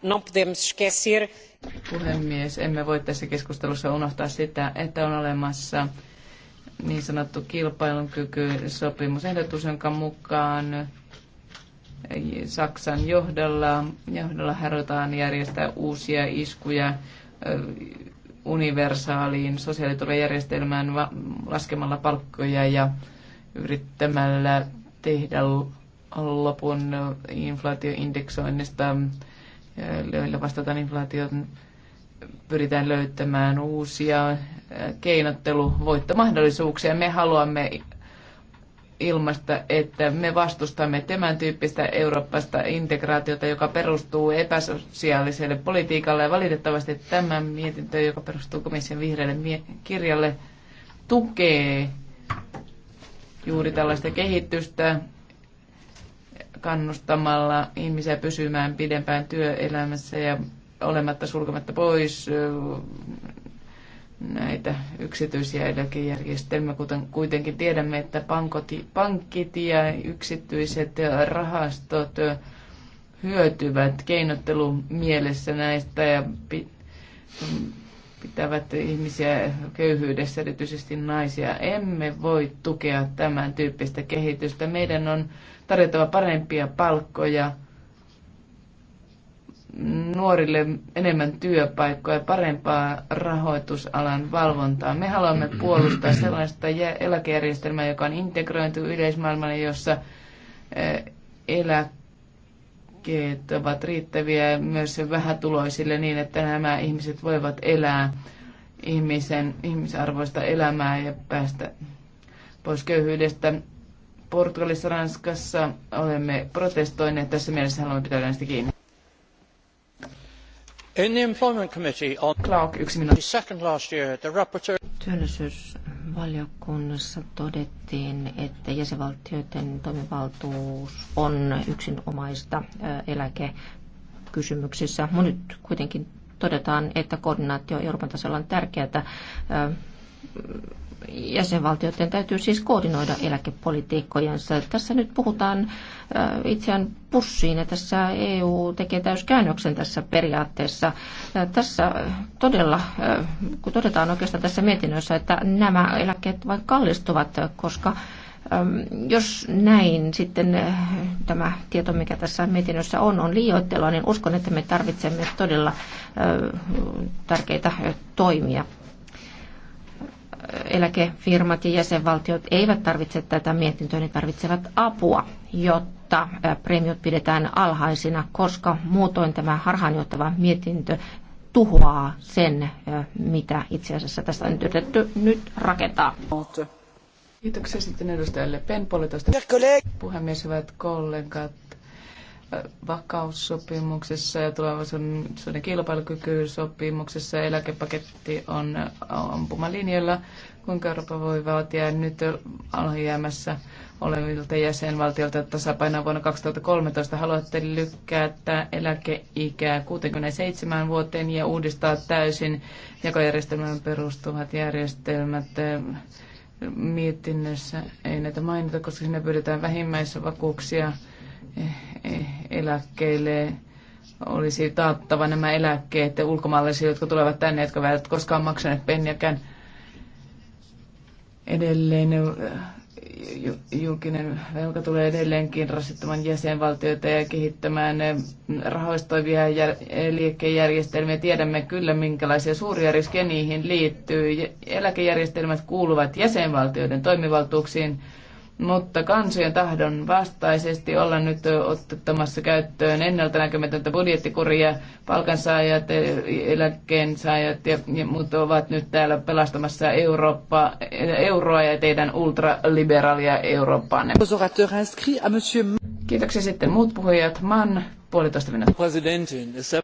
podemos esquecer. Puhemies, emme voi tässä keskustelussa unohtaa sitä, että on olemassa niin sanottu kilpailukykysopimus, ehdotus, jonka mukaan Saksan johdolla, johdolla harjoitetaan järjestää uusia iskuja universaaliin sosiaaliturvajärjestelmään laskemalla palkkoja ja yrittämällä tehdä lopun inflaatioindeksoinnista, joilla vastataan inflaation, pyritään löytämään uusia keinotteluvoittomahdollisuuksia. Me haluamme ilmaista, että me vastustamme tämän tyyppistä eurooppaista integraatiota, joka perustuu epäsosiaaliselle politiikalle. Ja valitettavasti tämä mietintö, joka perustuu komission vihreälle kirjalle, tukee juuri tällaista kehitystä kannustamalla ihmisiä pysymään pidempään työelämässä ja olematta sulkematta pois näitä yksityisiä eläkejärjestelmiä, kuten kuitenkin tiedämme, että pankoti, pankkit ja yksityiset rahastot hyötyvät keinottelun mielessä näistä ja pitävät ihmisiä köyhyydessä, erityisesti naisia. Emme voi tukea tämän tyyppistä kehitystä. Meidän on tarjottava parempia palkkoja, nuorille enemmän työpaikkoja ja parempaa rahoitusalan valvontaa. Me haluamme puolustaa sellaista eläkejärjestelmää, joka on integroitu yleismaailmalle, jossa eläkkeet ovat riittäviä myös vähätuloisille niin, että nämä ihmiset voivat elää ihmisen, ihmisarvoista elämää ja päästä pois köyhyydestä. Portugalissa, Ranskassa olemme protestoineet tässä mielessä haluamme pitää näistä kiinni. In the employment committee on Clark, yksi Second last year, the rapporteur... Työllisyysvaliokunnassa todettiin, että jäsenvaltioiden toimivaltuus on yksinomaista äh, eläkekysymyksissä. Mutta nyt kuitenkin todetaan, että koordinaatio Euroopan tasolla on tärkeää äh, jäsenvaltioiden täytyy siis koordinoida eläkepolitiikkojensa. Tässä nyt puhutaan äh, itseään pussiin ja tässä EU tekee täyskäännöksen tässä periaatteessa. Äh, tässä äh, todella, kun todetaan oikeastaan tässä mietinnössä, että nämä eläkkeet vain kallistuvat, koska ähm, jos näin sitten tämä tieto, mikä tässä mietinnössä on, on liioittelua, niin uskon, että me tarvitsemme todella tärkeitä toimia eläkefirmat ja jäsenvaltiot eivät tarvitse tätä mietintöä, ne tarvitsevat apua, jotta premiot pidetään alhaisina, koska muutoin tämä harhaanjohtava mietintö tuhoaa sen, mitä itse asiassa tästä on yritetty nyt rakentaa. Kiitoksia sitten edustajalle Pen Puhemies, hyvät kollegat vakaussopimuksessa ja tulevaisuuden kilpailukykysopimuksessa eläkepaketti on ampumalinjalla, kuinka Eurooppa voi vaatia nyt alijäämässä olevilta jäsenvaltiolta tasapainoa vuonna 2013. Haluatte tämä eläkeikää 67 vuoteen ja uudistaa täysin jakojärjestelmään perustuvat järjestelmät mietinnössä. Ei näitä mainita, koska sinne pyydetään vähimmäisvakuuksia eläkkeelle olisi taattava nämä eläkkeet ulkomaalaisille, jotka tulevat tänne, jotka eivät koskaan maksaneet penniäkään. Edelleen eh, julkinen velka tulee edelleenkin rasittamaan jäsenvaltioita ja kehittämään eh, rahoistoivia liikkejärjestelmiä, Tiedämme kyllä, minkälaisia suuria riskejä niihin liittyy. Eläkejärjestelmät kuuluvat jäsenvaltioiden toimivaltuuksiin mutta kansojen tahdon vastaisesti olla nyt ottamassa käyttöön ennalta näkemätöntä budjettikuria. Palkansaajat, eläkkeensaajat ja, ja muut ovat nyt täällä pelastamassa Eurooppaa, euroa ja teidän ultraliberaalia Eurooppaanne. Kiitoksia sitten muut puhujat. Mann, puolitoista minuuttia.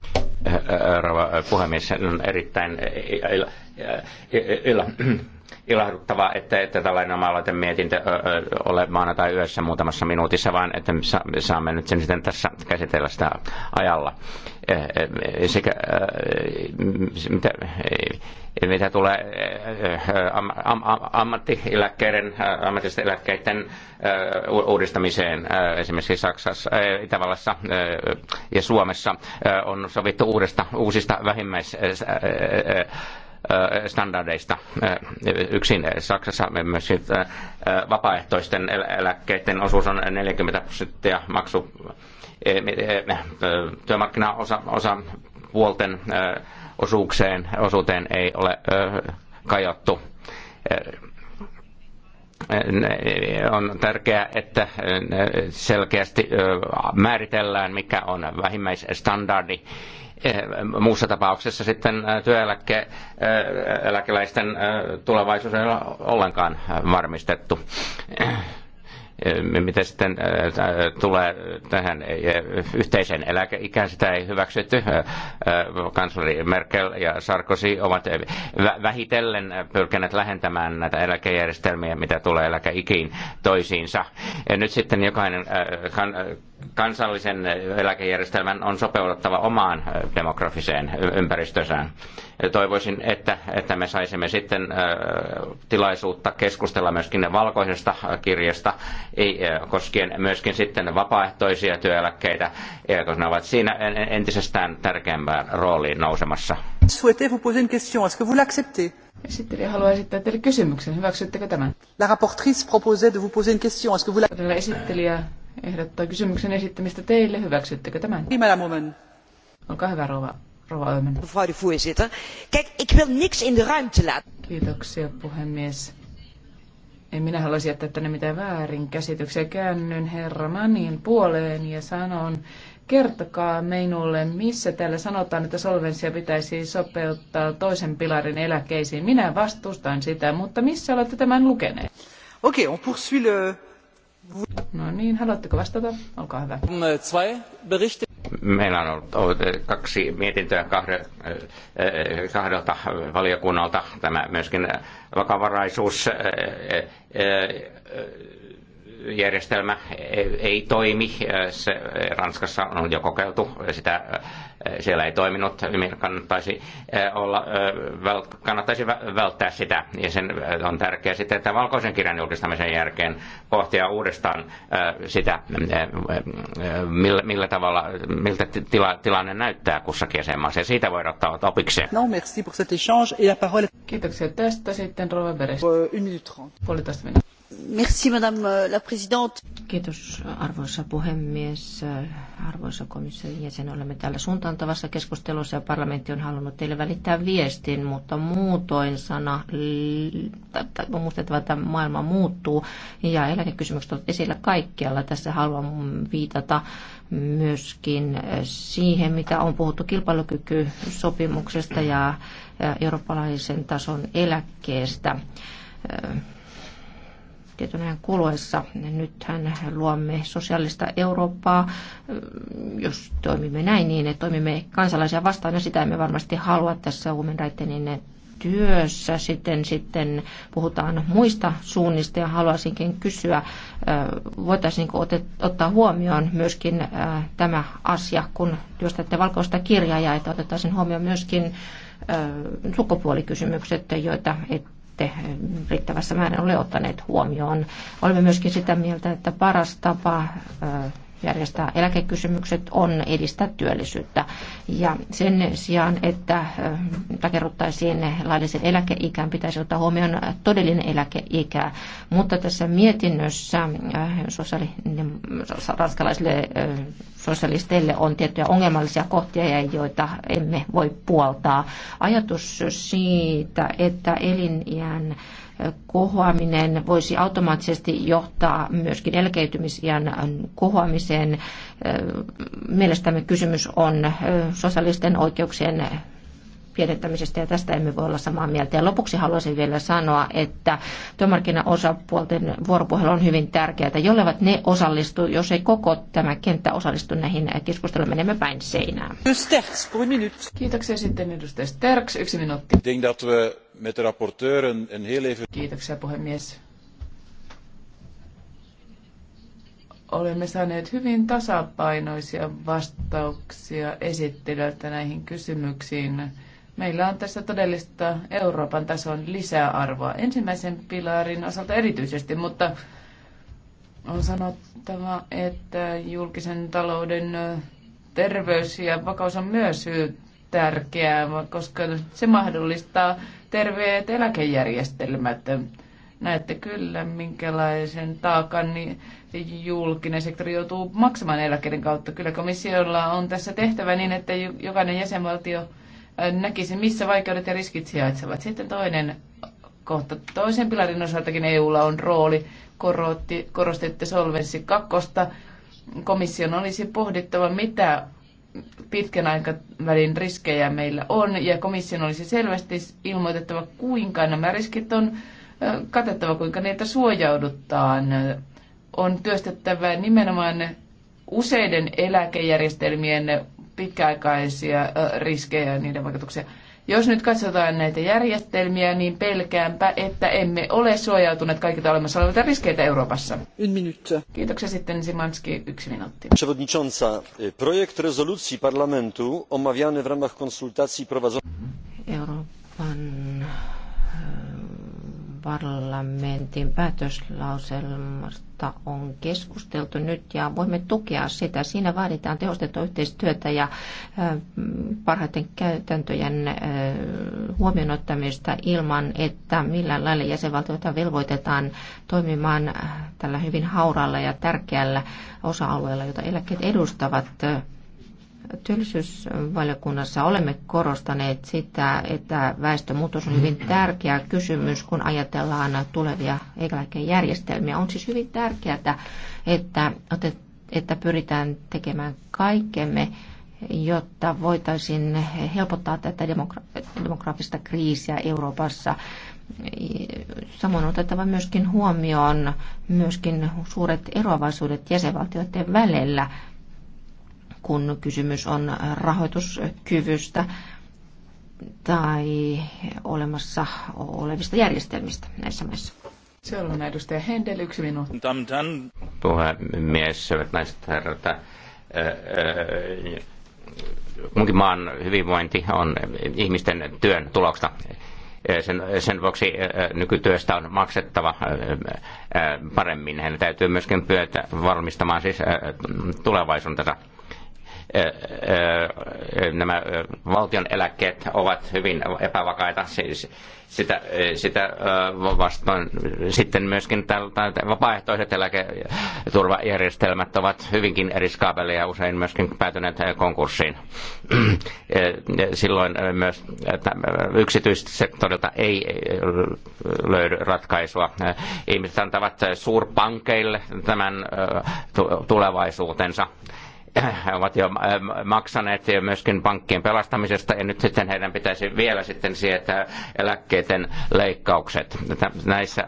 Rouva puhemies, on erittäin illa, ilahduttavaa, että, että tällainen oma mietintö ole maanantai yössä muutamassa minuutissa, vaan että saamme nyt sen sitten tässä käsitellä sitä ajalla. Sekä, mitä, e, mitä tulee am, am, am, ammattieläkkeiden, eläkkeiden uudistamiseen esimerkiksi Saksassa, Itävallassa ja Suomessa on sovittu uudesta, uusista vähimmäis standardeista yksin Saksassa myös vapaaehtoisten eläkkeiden osuus on 40 prosenttia maksu e, e, e, työmarkkinaosa osa puolten osuukseen, osuuteen ei ole kajottu on tärkeää, että selkeästi määritellään, mikä on vähimmäisstandardi Eh, muussa tapauksessa sitten eh, työeläkeläisten eh, tulevaisuus ei ole ollenkaan varmistettu mitä sitten tulee tähän yhteisen eläkeikään, sitä ei hyväksytty. Kansleri Merkel ja Sarkozy ovat vähitellen pyrkineet lähentämään näitä eläkejärjestelmiä, mitä tulee eläkeikiin toisiinsa. Nyt sitten jokainen kansallisen eläkejärjestelmän on sopeuduttava omaan demografiseen ympäristösään toivoisin, että, että me saisimme sitten tilaisuutta keskustella myöskin valkoisesta kirjasta, koskien myöskin sitten vapaaehtoisia työeläkkeitä, koska ne ovat siinä entisestään tärkeämpään rooliin nousemassa. Esittelijä haluaa esittää teille kysymyksen. Hyväksyttekö tämän? La rapportrice proposait de vous poser une question. Est-ce que vous la... Esittelijä ehdottaa kysymyksen esittämistä teille. Hyväksyttekö tämän? madame Olkaa hyvä, rouva Rova Ömen. Mevrouw de voorzitter. Kijk, ik wil niks in de ruimte laten. Kiitoksia puhemies. En minä haluaisin jättää tänne mitään väärinkäsityksiä. Käännyn herra Manin puoleen ja sanon, kertokaa minulle, missä täällä sanotaan, että solvenssia pitäisi sopeuttaa toisen pilarin eläkkeisiin. Minä vastustan sitä, mutta missä olette tämän lukeneet? Okei, okay, on poursuit le... No niin, haluatteko vastata? Olkaa hyvä. Zwei eh, berichte. Meillä on ollut kaksi mietintöä eh, kahdelta valiokunnalta. Tämä myöskin vakavaraisuus eh, eh, järjestelmä ei toimi. Se Ranskassa on jo kokeiltu, sitä siellä ei toiminut. Kannattaisi, olla, kannattaisi välttää sitä. Ja sen on tärkeää sitten, että valkoisen kirjan julkistamisen jälkeen pohtia uudestaan sitä, millä, millä tavalla, miltä tila, tilanne näyttää kussakin jäsenmaassa. Ja siitä voidaan ottaa opikseen. No, merci pour cet échange. Et la parole... Kiitoksia tästä. Sitten Rova Beres. Euh, Puolitoista minuuttia madame la présidente. Kiitos arvoisa puhemies, arvoisa komission jäsen. Olemme täällä suuntaantavassa keskustelussa ja parlamentti on halunnut teille välittää viestin, mutta muutoin sana, on muistettava, että maailma muuttuu ja eläkekysymykset ovat esillä kaikkialla. Tässä haluan viitata myöskin siihen, mitä on puhuttu kilpailukykysopimuksesta ja eurooppalaisen tason eläkkeestä tietyn ajan kuluessa. Nythän luomme sosiaalista Eurooppaa. Jos toimimme näin, niin toimimme kansalaisia vastaan ja sitä emme varmasti halua tässä Women Rightenin työssä. Sitten, sitten puhutaan muista suunnista ja haluaisinkin kysyä, äh, voitaisiinko ottaa huomioon myöskin äh, tämä asia, kun työstätte valkoista kirjaa ja että otettaisiin huomioon myöskin äh, sukupuolikysymykset, joita et, ette eh, riittävässä määrin ole ottaneet huomioon. Olemme myöskin sitä mieltä, että paras tapa eh, järjestää eläkekysymykset, on edistää työllisyyttä. Ja sen sijaan, että takerruttaisiin laillisen eläkeikään, pitäisi ottaa huomioon todellinen eläkeikä. Mutta tässä mietinnössä sosiaali- ranskalaisille sosialisteille on tiettyjä ongelmallisia kohtia, ja joita emme voi puoltaa. Ajatus siitä, että elinjään kohoaminen voisi automaattisesti johtaa myöskin elkeytymisiän kohoamiseen. Mielestämme kysymys on sosiaalisten oikeuksien pienentämisestä ja tästä emme voi olla samaa mieltä. Ja lopuksi haluaisin vielä sanoa, että työmarkkinaosapuolten vuoropuhelu on hyvin tärkeää. Jollevat ne osallistu, jos ei koko tämä kenttä osallistu näihin keskusteluun, menemme päin seinään. Kiitoksia sitten edustaja Sterks. Yksi minuutti met de rapporteur een, een heel even... Kiitoksia puhemies. Olemme saaneet hyvin tasapainoisia vastauksia esittelijöiltä näihin kysymyksiin. Meillä on tässä todellista Euroopan tason lisäarvoa ensimmäisen pilarin osalta erityisesti, mutta on sanottava, että julkisen talouden terveys ja vakaus on myös tärkeää, koska se mahdollistaa terveet eläkejärjestelmät. Näette kyllä, minkälaisen taakan niin julkinen sektori joutuu maksamaan eläkkeiden kautta. Kyllä komissiolla on tässä tehtävä niin, että jokainen jäsenvaltio äh, näkisi, missä vaikeudet ja riskit sijaitsevat. Sitten toinen kohta. Toisen pilarin osaltakin EUlla on rooli. korosti korostitte solvenssi kakkosta. Komission olisi pohdittava, mitä pitkän aikavälin riskejä meillä on, ja komission olisi selvästi ilmoitettava, kuinka nämä riskit on katettava, kuinka niitä suojaudutaan. On työstettävä nimenomaan useiden eläkejärjestelmien pitkäaikaisia riskejä ja niiden vaikutuksia. Jos nyt katsotaan näitä järjestelmiä, niin pelkäänpä, että emme ole suojautuneet kaikilta olemassa olevilta riskeiltä Euroopassa. Kiitoksia sitten Simanski, yksi minuutti. Przewodnicząca, projekt rezolucji parlamentu omawiany w ramach konsultacji prowadzonych... Euroopan parlamentin päätöslauselmasta on keskusteltu nyt ja voimme tukea sitä. Siinä vaaditaan tehostettua yhteistyötä ja parhaiten käytäntöjen huomioon ottamista ilman, että millään lailla jäsenvaltioita velvoitetaan toimimaan tällä hyvin hauralla ja tärkeällä osa-alueella, jota eläkkeet edustavat työllisyysvaliokunnassa olemme korostaneet sitä, että väestömuutos on hyvin tärkeä kysymys, kun ajatellaan tulevia eläkejärjestelmiä. On siis hyvin tärkeää, että, että pyritään tekemään kaikkemme, jotta voitaisiin helpottaa tätä demogra- demografista kriisiä Euroopassa. Samoin otettava myöskin huomioon myöskin suuret eroavaisuudet jäsenvaltioiden välillä kun kysymys on rahoituskyvystä tai olemassa olevista järjestelmistä näissä maissa. Seuraavana edustaja Hendel, yksi minuutti. Puhemies, hyvät naiset herrat. Munkin äh, äh, maan hyvinvointi on ihmisten työn tuloksena äh, sen, sen vuoksi nykytyöstä on maksettava paremmin. Heidän täytyy myöskin pyötä varmistamaan siis tulevaisuutensa nämä valtion eläkkeet ovat hyvin epävakaita. Siis sitä, sitä vastaan sitten myöskin tältä, vapaaehtoiset eläketurvajärjestelmät ovat hyvinkin riskaabeleja ja usein myöskin päätyneet konkurssiin. Silloin myös yksityiseltä sektorilta ei löydy ratkaisua. Ihmiset antavat suurpankeille tämän tulevaisuutensa ovat jo maksaneet jo myöskin pankkien pelastamisesta ja nyt sitten heidän pitäisi vielä sitten sietää eläkkeiden leikkaukset. Näissä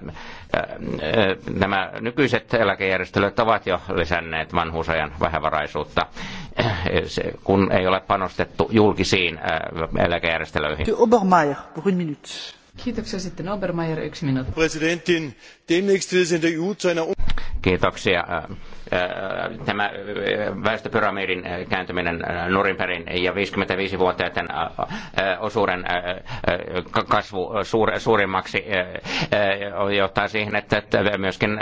nämä nykyiset eläkejärjestelyt ovat jo lisänneet vanhuusajan vähävaraisuutta, kun ei ole panostettu julkisiin eläkejärjestelyihin. Obermeier, pour une minute. Kiitoksia sitten Obermeier, yksi minuutti. Kiitoksia Äh, tämä äh, väestöpyramidin äh, kääntyminen perin ja 55-vuotiaiden osuuden kasvu suurimmaksi johtaa siihen, että myöskin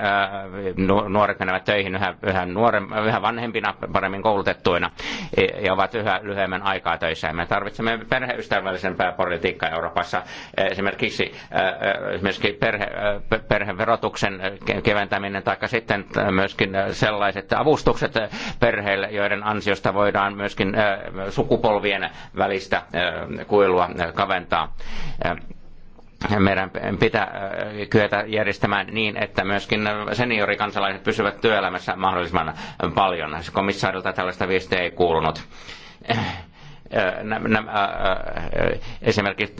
nuoret menevät töihin yhä, yhä, nuorem, yhä vanhempina, paremmin koulutettuina ja ovat yhä lyhyemmän aikaa töissä. Me tarvitsemme perheystävällisempää politiikkaa Euroopassa. Esimerkiksi, myöskin perhe, perheverotuksen keventäminen tai sitten myöskin sellainen sellaiset avustukset perheille, joiden ansiosta voidaan myöskin äh, sukupolvien välistä äh, kuilua äh, kaventaa meidän pitää kyetä järjestämään niin, että myöskin seniorikansalaiset pysyvät työelämässä mahdollisimman paljon. Komissaarilta tällaista viestiä ei kuulunut. Äh, äh, äh, esimerkiksi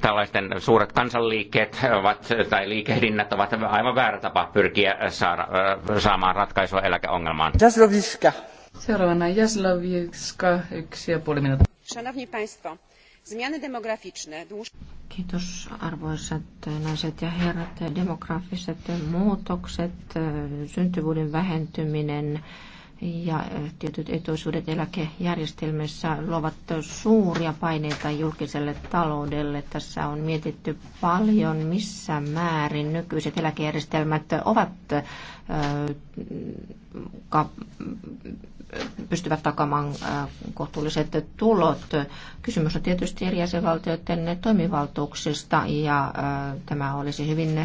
tällaisten suuret kansanliikkeet ovat, tai liikehdinnät ovat aivan väärä tapa pyrkiä saada, saamaan ratkaisua eläkeongelmaan. Jaslovska. Seuraavana Jaslovska, yksi ja puoli minuuttia. zmiany demograficzne... Kiitos arvoisat naiset ja herrat. Demografiset muutokset, e, syntyvyyden vähentyminen, ja eh, tietyt etuisuudet eläkejärjestelmissä luovat suuria paineita julkiselle taloudelle. Tässä on mietitty paljon, missä määrin nykyiset eläkejärjestelmät ovat eh, pystyvät takamaan eh, kohtuulliset tulot. Kysymys on tietysti eri jäsenvaltioiden toimivaltuuksista ja tämä olisi hyvin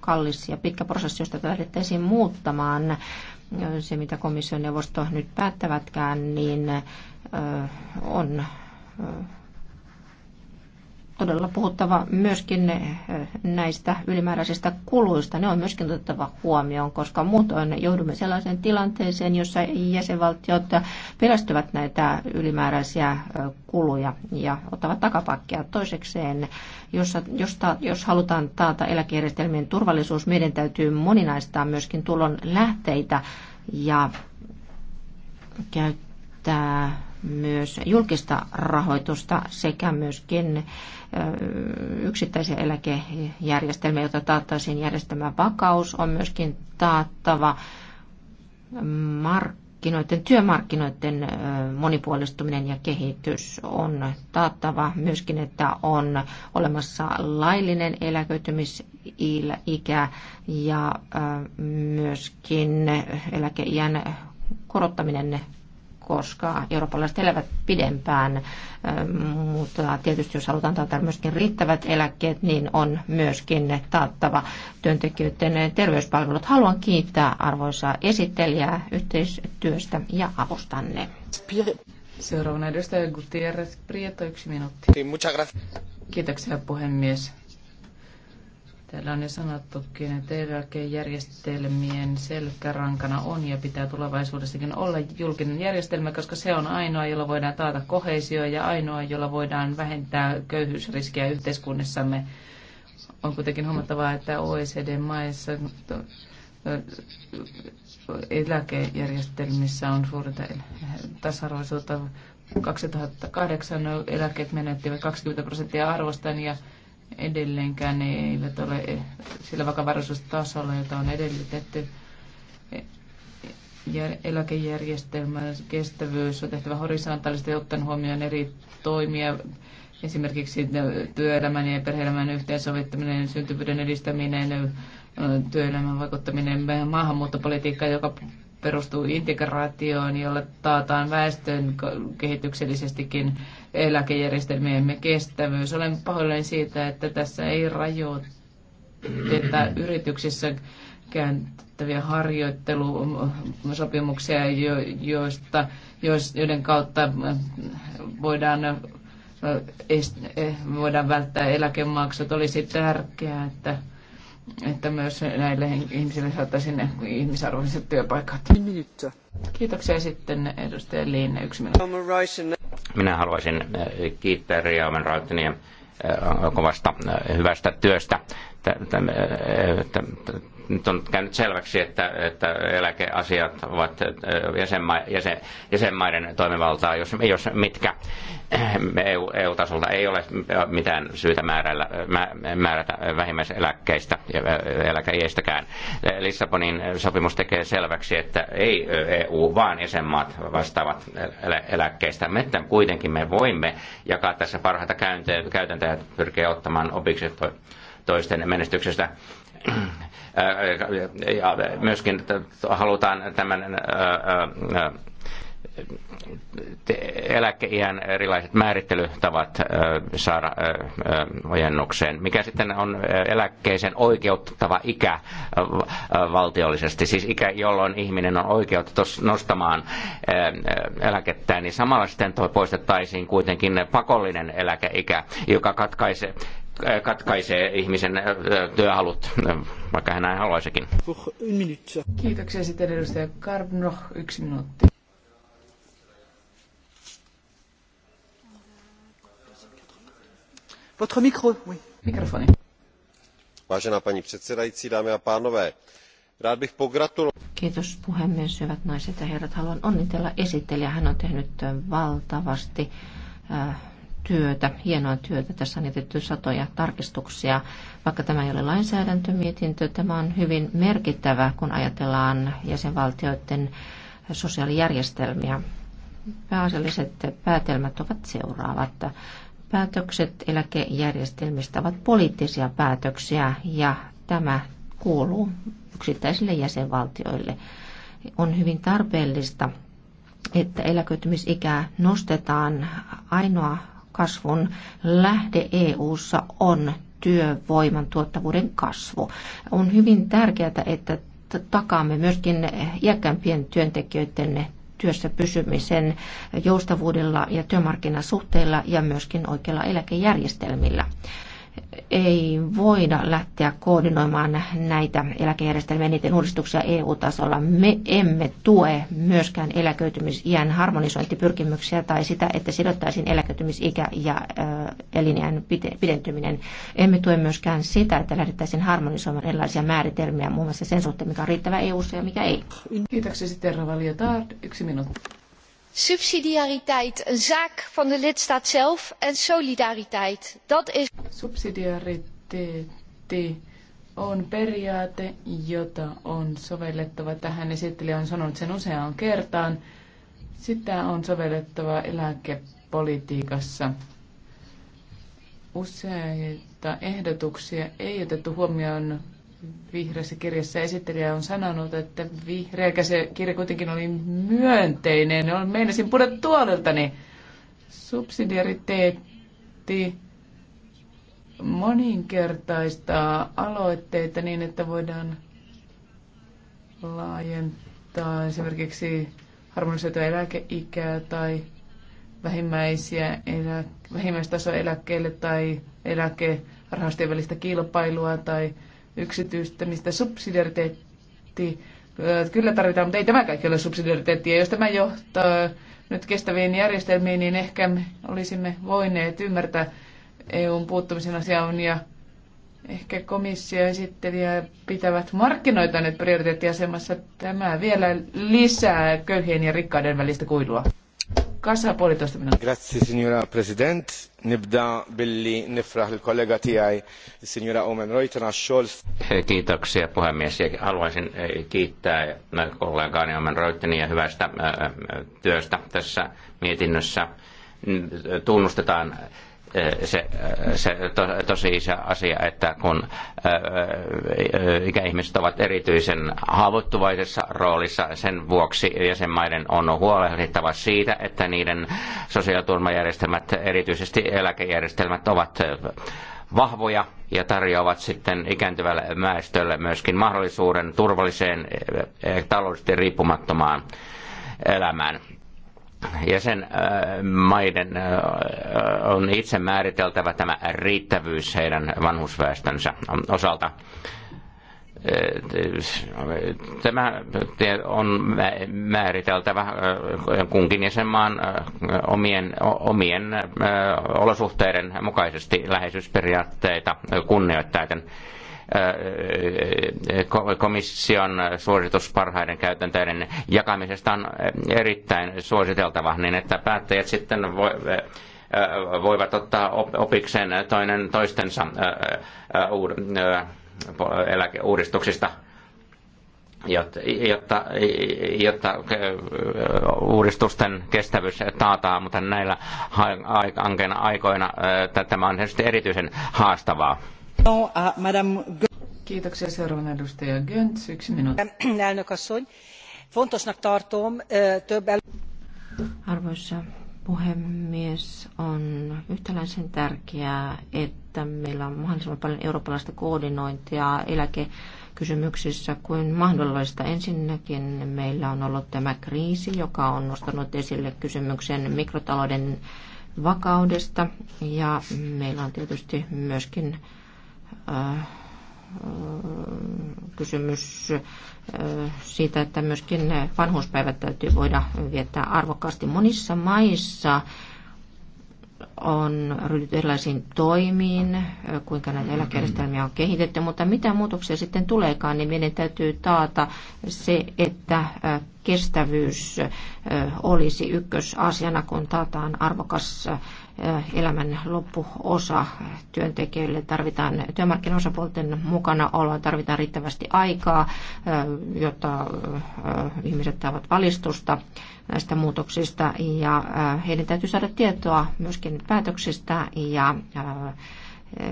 kallis ja pitkä prosessi, josta lähdettäisiin muuttamaan se mitä komissioneuvosto nyt päättävätkään, niin on todella puhuttava myöskin eh, näistä ylimääräisistä kuluista. Ne on myöskin otettava huomioon, koska muutoin joudumme sellaiseen tilanteeseen, jossa jäsenvaltiot pelästyvät näitä ylimääräisiä eh, kuluja ja ottavat takapakkia. Toisekseen, jos, jos, jos halutaan taata eläkejärjestelmien turvallisuus, meidän täytyy moninaistaa myöskin tulon lähteitä ja käyttää myös julkista rahoitusta sekä myöskin yksittäisiä eläkejärjestelmiä, joita taattaisiin järjestelmän vakaus, on myöskin taattava markkinoiden, työmarkkinoiden monipuolistuminen ja kehitys on taattava myöskin, että on olemassa laillinen eläköitymis ikä ja myöskin eläkeiän korottaminen koska eurooppalaiset elävät pidempään, ähm, mutta tietysti jos halutaan taata myöskin riittävät eläkkeet, niin on myöskin taattava työntekijöiden terveyspalvelut. Haluan kiittää arvoisaa esittelijää yhteistyöstä ja avustanne. Seuraavana edustaja Gutierrez Prieto, yksi minuutti. Kiitoksia puhemies. Täällä on jo sanottukin, että ERG-järjestelmien selkärankana on ja pitää tulevaisuudessakin olla julkinen järjestelmä, koska se on ainoa, jolla voidaan taata kohesio ja ainoa, jolla voidaan vähentää köyhyysriskiä yhteiskunnissamme. On kuitenkin huomattavaa, että OECD-maissa eh, eläkejärjestelmissä on suurta tasa-arvoisuutta. 2008 eläkkeet menettivät 20 prosenttia arvostaan ja edelleenkään ne eivät ole sillä vakavaraisuustasolla, jota on edellytetty. Eläkejärjestelmän kestävyys on tehtävä horisontaalisesti ottaen huomioon eri toimia, esimerkiksi työelämän ja perheelämän yhteensovittaminen, syntyvyyden edistäminen, työelämän vaikuttaminen, maahanmuuttopolitiikka, joka perustuu integraatioon, jolle taataan väestön kehityksellisestikin eläkejärjestelmiemme kestävyys. Olen pahoillani siitä, että tässä ei rajoiteta yrityksissä kääntäviä harjoittelusopimuksia, joista, joiden kautta voidaan, äh, eh, voidaan välttää eläkemaksut. Olisi tärkeää, että että myös näille ihmisille saataisiin ihmisarvoiset työpaikat. Kiitoksia sitten edustaja Liinne, yksi minuutti. Minä haluaisin eh, kiittää Ria Rautinien eh, kovasta eh, hyvästä työstä nyt on käynyt selväksi, että, että eläkeasiat ovat äh, jäsenma, jäsen, jäsenmaiden toimivaltaa, jos, jos mitkä EU, e EU-tasolta ei ole mitään syytä määrällä, määrätä vähimmäiseläkkeistä ja eläkeiestäkään. Lissabonin sopimus tekee selväksi, että ei EU, vaan jäsenmaat vastaavat eläkkeistä. Me kuitenkin me voimme jakaa tässä parhaita käytäntöjä, pyrkiä ottamaan opiksi toisten menestyksestä Äh, äh, ja myöskin että halutaan tämän äh, eläkeiän erilaiset määrittelytavat saada ojennukseen. Mikä sitten on eläkkeeseen oikeuttava ikä valtiollisesti, siis ikä, jolloin ihminen on oikeutettu nostamaan eläkettään, niin samalla sitten poistettaisiin kuitenkin pakollinen eläkeikä, joka katkaisee katkaisee ihmisen äh, työhalut, vaikka hän näin haluaisikin. Kiitoksia sitten edustaja Karno, yksi minuutti. Votre micro, oui. Mikrofoni. Vážená paní předsedající, dámy a pánové, rád bych pogratuloval. Kiitos puhemies, hyvät naiset ja herrat. Haluan onnitella esittelijä. Hän on tehnyt valtavasti äh, työtä, hienoa työtä. Tässä on jätetty satoja tarkistuksia. Vaikka tämä ei ole lainsäädäntömietintö, tämä on hyvin merkittävä, kun ajatellaan jäsenvaltioiden sosiaalijärjestelmiä. Pääasialliset päätelmät ovat seuraavat. Päätökset eläkejärjestelmistä ovat poliittisia päätöksiä ja tämä kuuluu yksittäisille jäsenvaltioille. On hyvin tarpeellista että eläköitymisikää nostetaan ainoa kasvun lähde EU:ssa on työvoiman tuottavuuden kasvu. On hyvin tärkeää, että takaamme myöskin iäkkäämpien työntekijöiden työssä pysymisen joustavuudella ja työmarkkinasuhteilla ja myöskin oikeilla eläkejärjestelmillä ei voida lähteä koordinoimaan näitä eläkejärjestelmiä, niiden uudistuksia EU-tasolla. Me emme tue myöskään eläköitymisiän harmonisointipyrkimyksiä tai sitä, että sidottaisiin eläköitymisikä ja eliniän pidentyminen. Emme tue myöskään sitä, että lähdettäisiin harmonisoimaan erilaisia määritelmiä, muun muassa sen suhteen, mikä on riittävä EU-ssa ja mikä ei. Kiitoksia sitten Ravalio Yksi minuutti subsidiariteit een zaak van de lidstaat zelf en solidariteit. Dat is... Subsidiariteetti on periaate, jota on sovellettava tähän. Esittelijä on sanonut sen useaan kertaan. Sitä on sovellettava eläkepolitiikassa. Useita ehdotuksia ei otettu huomioon vihreässä kirjassa esittelijä on sanonut, että vihreä kirja kuitenkin oli myönteinen. Meinasin pudota tuoliltani. Subsidiariteetti moninkertaistaa aloitteita niin, että voidaan laajentaa esimerkiksi harmonisoitua eläkeikää tai vähimmäisiä, elä, vähimmäistaso eläkkeelle tai eläkerahastojen välistä kilpailua tai yksityistämistä, subsidiariteetti. Kyllä tarvitaan, mutta ei tämä kaikki ole subsidiariteettia. Jos tämä johtaa nyt kestäviin järjestelmiin, niin ehkä me olisimme voineet ymmärtää EUn puuttumisen asiaan ja ehkä komissio esittelijä pitävät markkinoita nyt prioriteettiasemassa. Tämä vielä lisää köyhien ja rikkaiden välistä kuilua. Kasa, puolitoista minuuttia. Grazie, signora president. Nibda billi kollega signora Omen Scholz. Kiitoksia puhemies haluaisin eh, kiittää kollegaani Omen Reutonia hyvästä eh, eh, työstä tässä mietinnössä. Tunnustetaan se, se to, tosi iso asia, että kun ikäihmiset ovat erityisen haavoittuvaisessa roolissa, sen vuoksi jäsenmaiden on huolehdittava siitä, että niiden sosiaaliturvajärjestelmät, erityisesti eläkejärjestelmät, ovat vahvoja ja tarjoavat sitten ikääntyvälle väestölle myöskin mahdollisuuden turvalliseen e, e, taloudellisesti riippumattomaan elämään jäsenmaiden äh, on itse määriteltävä tämä riittävyys heidän vanhusväestönsä osalta. Äh, tämä on määriteltävä äh, kunkin jäsenmaan omien, omien olosuhteiden mukaisesti läheisyysperiaatteita kunnioittaen komission suositus parhaiden käytänteiden jakamisesta on erittäin suositeltava, niin että päättäjät sitten voi, voivat ottaa opikseen toinen toistensa eläkeuudistuksista jotta, jotta, jotta uudistusten kestävyys taataan, mutta näillä ankeina aikoina tämä on tietysti erityisen haastavaa. Kiitoksia. Seuraavana yksi minuutti. Fontosnak tartom több Arvoisa puhemies, on yhtäläisen tärkeää, että meillä on mahdollisimman paljon eurooppalaista koordinointia eläkekysymyksissä kuin mahdollista. Ensinnäkin meillä on ollut tämä kriisi, joka on nostanut esille kysymyksen mikrotalouden vakaudesta ja meillä on tietysti myöskin Äh, äh, kysymys äh, siitä, että myöskin vanhuuspäivät täytyy voida viettää arvokkaasti. Monissa maissa on ryhdytty erilaisiin toimiin, kuinka näitä eläkejärjestelmiä on kehitetty, mutta mitä muutoksia sitten tuleekaan, niin meidän täytyy taata se, että kestävyys olisi ykkösasiana, kun taataan arvokas elämän loppuosa työntekijöille. Tarvitaan työmarkkinaosapuolten mukana olla, tarvitaan riittävästi aikaa, jotta ihmiset saavat valistusta näistä muutoksista ja heidän täytyy saada tietoa myöskin päätöksistä ja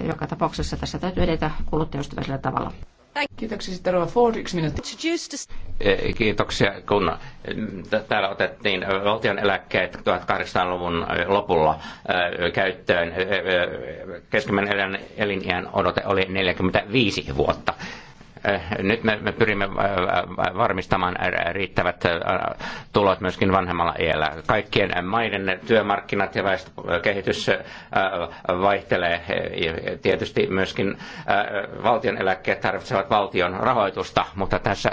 joka tapauksessa tässä täytyy edetä kuluttajaystävällisellä tavalla. Kiitoksia sitten Rova Ford, yksi minuutti. Eh, kiitoksia, kun eh, täällä otettiin eh, valtion eläkkeet 1800-luvun lopulla käyttöön. Keskimmäinen eliniän odote oli 45 vuotta Eh, nyt me pyrimme eh, eh, varmistamaan riittävät tulot myöskin vanhemmalla iällä. Kaikkien maiden työmarkkinat ja väestökehitys vaihtelee. Tietysti myöskin valtion eläkkeet tarvitsevat valtion rahoitusta, mutta tässä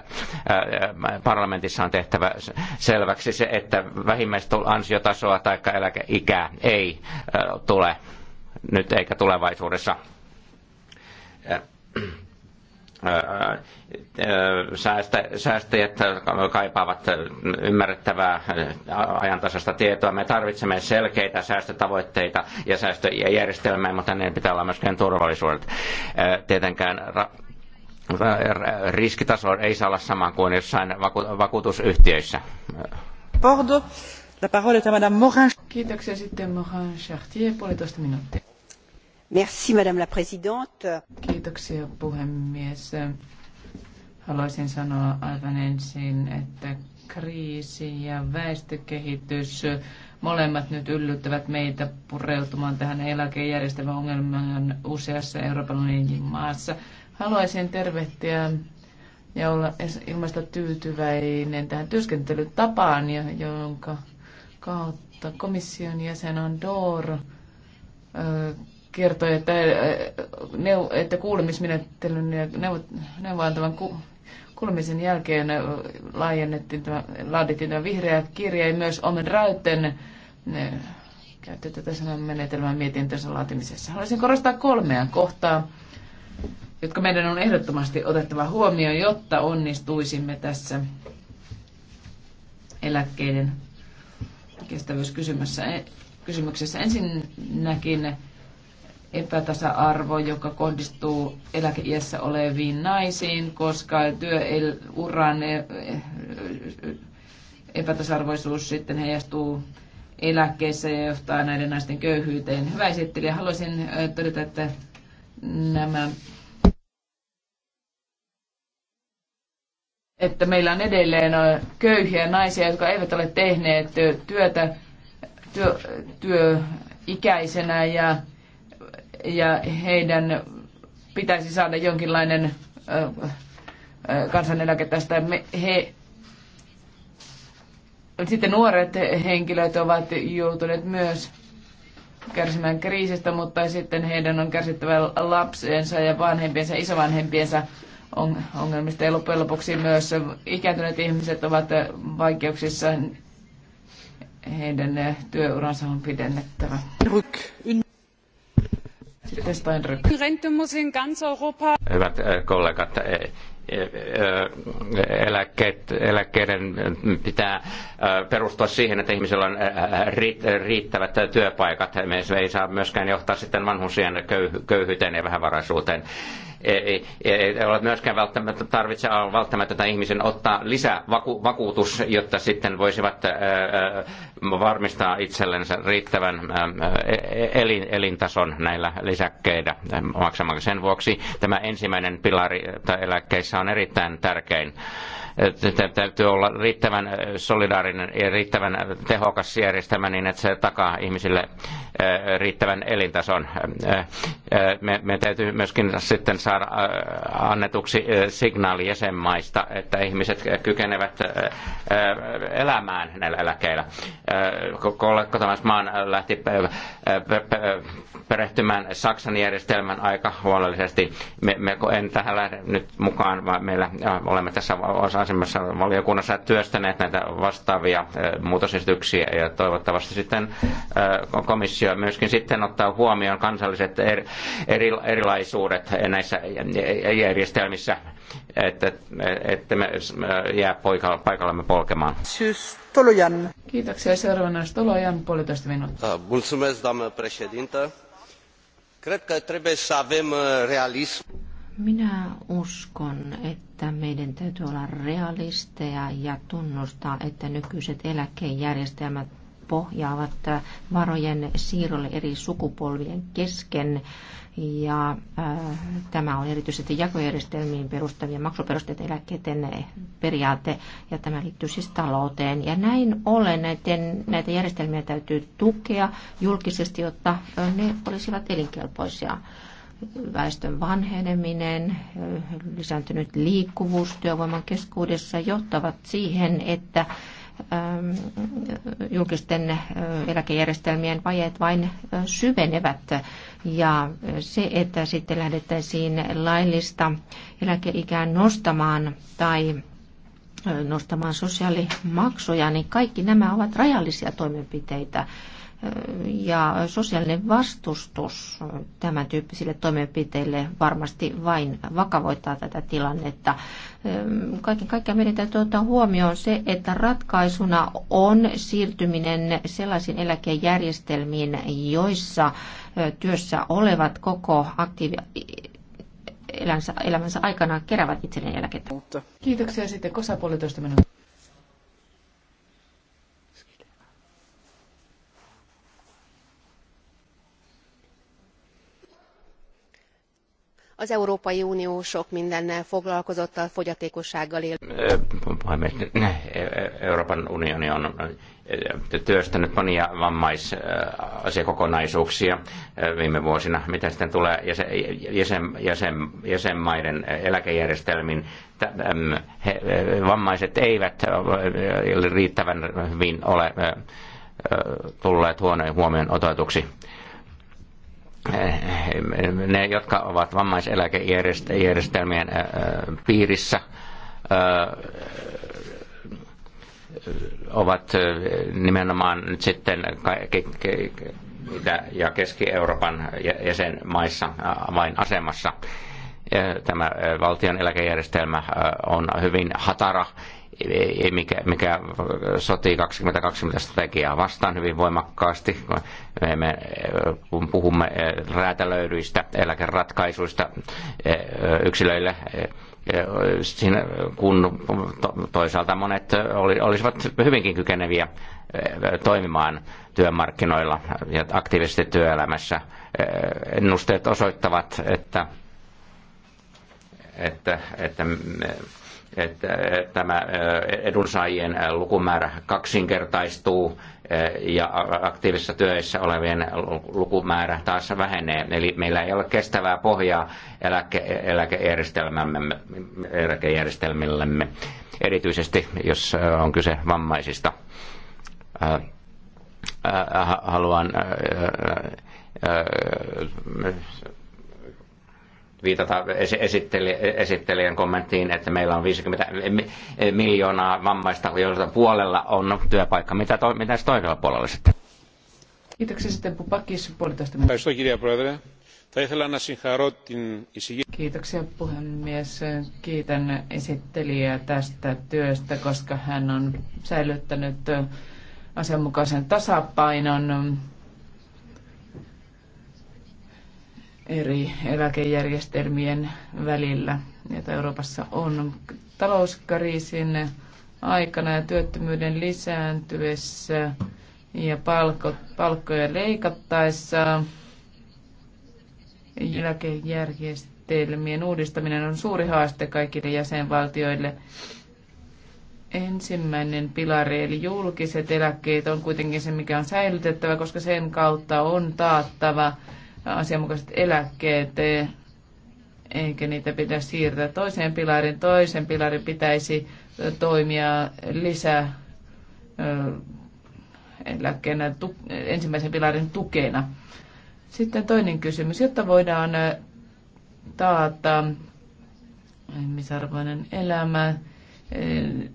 parlamentissa on tehtävä selväksi se, että vähimmäisansiotasoa tai eläkeikää ei tule nyt eikä tulevaisuudessa säästäjät kaipaavat ymmärrettävää ajantasasta tietoa. Me tarvitsemme selkeitä säästötavoitteita ja säästöjärjestelmää, mutta ne pitää olla myöskin turvallisuudet. Tietenkään riskitaso ei saa olla sama kuin jossain vakuutusyhtiöissä. Bordeaux. La parole est à Madame Morin. Kiitoksia sitten Morin Chartier, puolitoista minuuttia. Madame la Présidente. Kiitoksia puhemies. Haluaisin sanoa aivan ensin, että kriisi ja väestökehitys molemmat nyt yllyttävät meitä pureutumaan tähän eläkejärjestelmän ongelmaan useassa Euroopan unionin maassa. Haluaisin tervehtiä ja olla ilmaista tyytyväinen tähän työskentelytapaan, jonka kautta komission jäsen on Dor kertoi, että, äh, että kuulemismenettelyn ja neuvontavan ku, kuulemisen jälkeen äh, laajennettiin tämä, laadittiin tämä vihreä kirja ja myös Omen Rauten äh, käytti tätä samaa menetelmää mietintönsä laatimisessa. Haluaisin korostaa kolmea kohtaa, jotka meidän on ehdottomasti otettava huomioon, jotta onnistuisimme tässä eläkkeiden kestävyyskysymyksessä. Ensinnäkin epätasa-arvo, joka kohdistuu eläkeiässä oleviin naisiin, koska työuran e- epätasa-arvoisuus sitten heijastuu eläkkeessä ja johtaa näiden naisten köyhyyteen. Hyvä esittelijä, haluaisin todeta, että nämä että meillä on edelleen köyhiä naisia, jotka eivät ole tehneet työtä työ, työikäisenä ja ja heidän pitäisi saada jonkinlainen kansaneläke tästä. He, sitten nuoret henkilöt ovat joutuneet myös kärsimään kriisistä, mutta sitten heidän on kärsittävä lapsensa ja vanhempiensa, isovanhempiensa ongelmista. Ja loppujen lopuksi myös ikääntyneet ihmiset ovat vaikeuksissa. Heidän työuransa on pidennettävä. Hyvät äh, kollegat, äh, äh, eläkkeet, eläkkeiden pitää perustua siihen, että ihmisillä on riittävät työpaikat. Me ei saa myöskään johtaa sitten vanhusien köyhyyteen ja vähävaraisuuteen ei, ole myöskään välttämättä, tarvitse välttämättä ihmisen ottaa lisää vaku, vakuutus, jotta sitten voisivat ää, varmistaa itsellensä riittävän ää, elin, elintason näillä lisäkkeillä maksamaan. Sen vuoksi tämä ensimmäinen pilari tai eläkkeissä on erittäin tärkein täytyy olla riittävän solidaarinen ja riittävän tehokas järjestelmä niin, että se takaa ihmisille riittävän elintason. Me, me täytyy myöskin sitten saada annetuksi signaali jäsenmaista, että ihmiset kykenevät elämään näillä eläkeillä. Kotomasmaan lähti perehtymään Saksan järjestelmän aika huolellisesti. Me, me en tähän lähde nyt mukaan, vaan meillä olemme tässä osa aikaisemmassa valiokunnassa työstäneet näitä vastaavia muutosesityksiä ja toivottavasti sitten komissio myöskin sitten ottaa huomioon kansalliset er-, eri, erilaisuudet näissä järjestelmissä, että, että me jää paikalla, paikallamme polkemaan. Siis Kiitoksia. Seuraavana Stolojan, puolitoista minuuttia. Ah, mulțumesc, doamnă președintă. Cred că trebuie să avem uh, realism minä uskon, että meidän täytyy olla realisteja ja tunnustaa, että nykyiset eläkejärjestelmät pohjaavat varojen siirrolle eri sukupolvien kesken. Ja äh, tämä on erityisesti jakojärjestelmiin perustavien maksuperusteiden eläkkeiden periaate, ja tämä liittyy siis talouteen. Ja näin ollen näiden, näitä järjestelmiä täytyy tukea julkisesti, jotta ne olisivat elinkelpoisia väestön vanheneminen, lisääntynyt liikkuvuus työvoiman keskuudessa johtavat siihen, että ähm, julkisten äh, eläkejärjestelmien vajeet vain äh, syvenevät. Ja se, että sitten lähdettäisiin laillista eläkeikää nostamaan tai äh, nostamaan sosiaalimaksuja, niin kaikki nämä ovat rajallisia toimenpiteitä ja sosiaalinen vastustus tämän tyyppisille toimenpiteille varmasti vain vakavoittaa tätä tilannetta. Kaiken kaikkiaan meidän täytyy ottaa huomioon se, että ratkaisuna on siirtyminen sellaisiin eläkejärjestelmiin, joissa työssä olevat koko aktiivi elämänsä, elämänsä aikana keräävät itselleen eläkettä. Kiitoksia sitten Kosa puolitoista minuuttia. az európai unió sok mindennel foglalkozott a fogyatékossággal él. Euroopan unioni on työstänyt monia vammaisasiakokonaisuuksia viime vuosina, mitä sitten tulee jäsen, jäsen, jäsenmaiden eläkejärjestelmiin. vammaiset eivät riittävän hyvin ole tulleet huomioon otetuksi ne, jotka ovat vammaiseläkejärjestelmien piirissä, ovat nimenomaan nyt sitten Itä- ja Keski-Euroopan jäsenmaissa asemassa. Tämä valtion eläkejärjestelmä on hyvin hatara mikä, mikä sotii 2020 strategiaa vastaan hyvin voimakkaasti, me, me, kun puhumme eh, räätälöidyistä eläkeratkaisuista eh, eh, yksilöille, siinä, kun toisaalta monet olisivat hyvinkin kykeneviä toimimaan työmarkkinoilla ja aktiivisesti työelämässä. Ennusteet osoittavat, että, että, että me, että tämä edunsaajien lukumäärä kaksinkertaistuu ja aktiivisessa työissä olevien lukumäärä taas vähenee. Eli meillä ei ole kestävää pohjaa eläke, eläkejärjestelmillemme, erityisesti jos on kyse vammaisista. Haluan viitata esittelijän kommenttiin, että meillä on 50 miljoonaa vammaista, joista puolella on työpaikka. Mitä to, mitäs toisella puolella sitten? Kiitoksia sitten Pupakis puolitoista minuuttia. Kiitoksia puhemies. Kiitän esittelijää tästä työstä, koska hän on säilyttänyt asianmukaisen tasapainon eri eläkejärjestelmien välillä, joita Euroopassa on. Talouskriisin aikana ja työttömyyden lisääntyessä ja palko, palkkoja leikattaessa eläkejärjestelmien uudistaminen on suuri haaste kaikille jäsenvaltioille. Ensimmäinen pilari eli julkiset eläkkeet on kuitenkin se, mikä on säilytettävä, koska sen kautta on taattava asianmukaiset eläkkeet, eikä niitä pidä siirtää toiseen pilarin. Toisen pilarin pitäisi toimia lisää eläkkeenä, ensimmäisen pilarin tukena. Sitten toinen kysymys, jotta voidaan taata ihmisarvoinen elämä,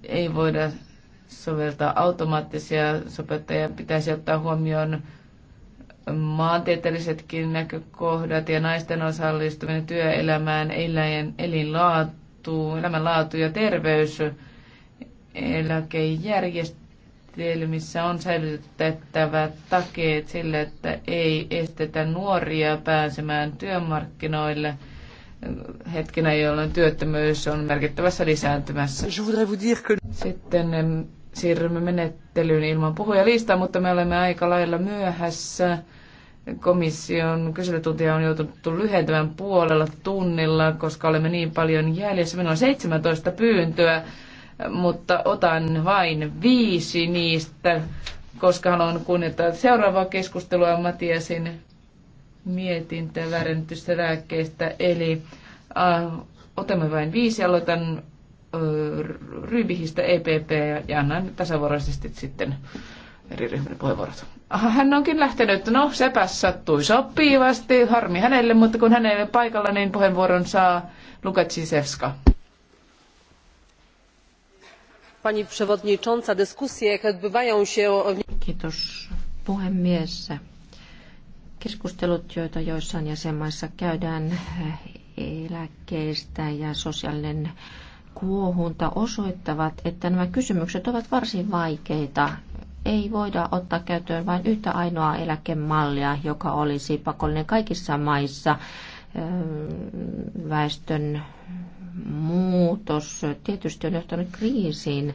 ei voida soveltaa automaattisia sopettajia, pitäisi ottaa huomioon maantieteellisetkin näkökohdat ja naisten osallistuminen työelämään, elinlaatu, elämänlaatu ja terveys eläkejärjestelmissä on säilytettävä takeet sille, että ei estetä nuoria pääsemään työmarkkinoille – hetkenä, jolloin työttömyys on merkittävässä lisääntymässä. Sitten siirrymme menettelyyn ilman puhujalistaa, mutta me olemme aika lailla myöhässä. Komission kyselytuntia on joutunut lyhentämään puolella tunnilla, koska olemme niin paljon jäljessä. Minulla on 17 pyyntöä, mutta otan vain viisi niistä, koska haluan kunnioittaa seuraavaa keskustelua Matiasin mietintä väärennetystä lääkkeistä. Eli äh, otamme vain viisi. Aloitan Rybihistä EPP ja annan tasavuoroisesti sitten eri ryhmille puheenvuorot. Aha, hän onkin lähtenyt. No, sepä sattui sopivasti. Harmi hänelle, mutta kun hän ei ole paikalla, niin puheenvuoron saa Luka Czisewska. Pani przewodnicząca, dyskusje odbywają się... Kiitos puhemies. Keskustelut, joita joissain jäsenmaissa käydään eläkkeistä ja sosiaalinen kuohunta osoittavat, että nämä kysymykset ovat varsin vaikeita. Ei voida ottaa käyttöön vain yhtä ainoa eläkemallia, joka olisi pakollinen kaikissa maissa. Ehm, väestön muutos tietysti on johtanut kriisiin.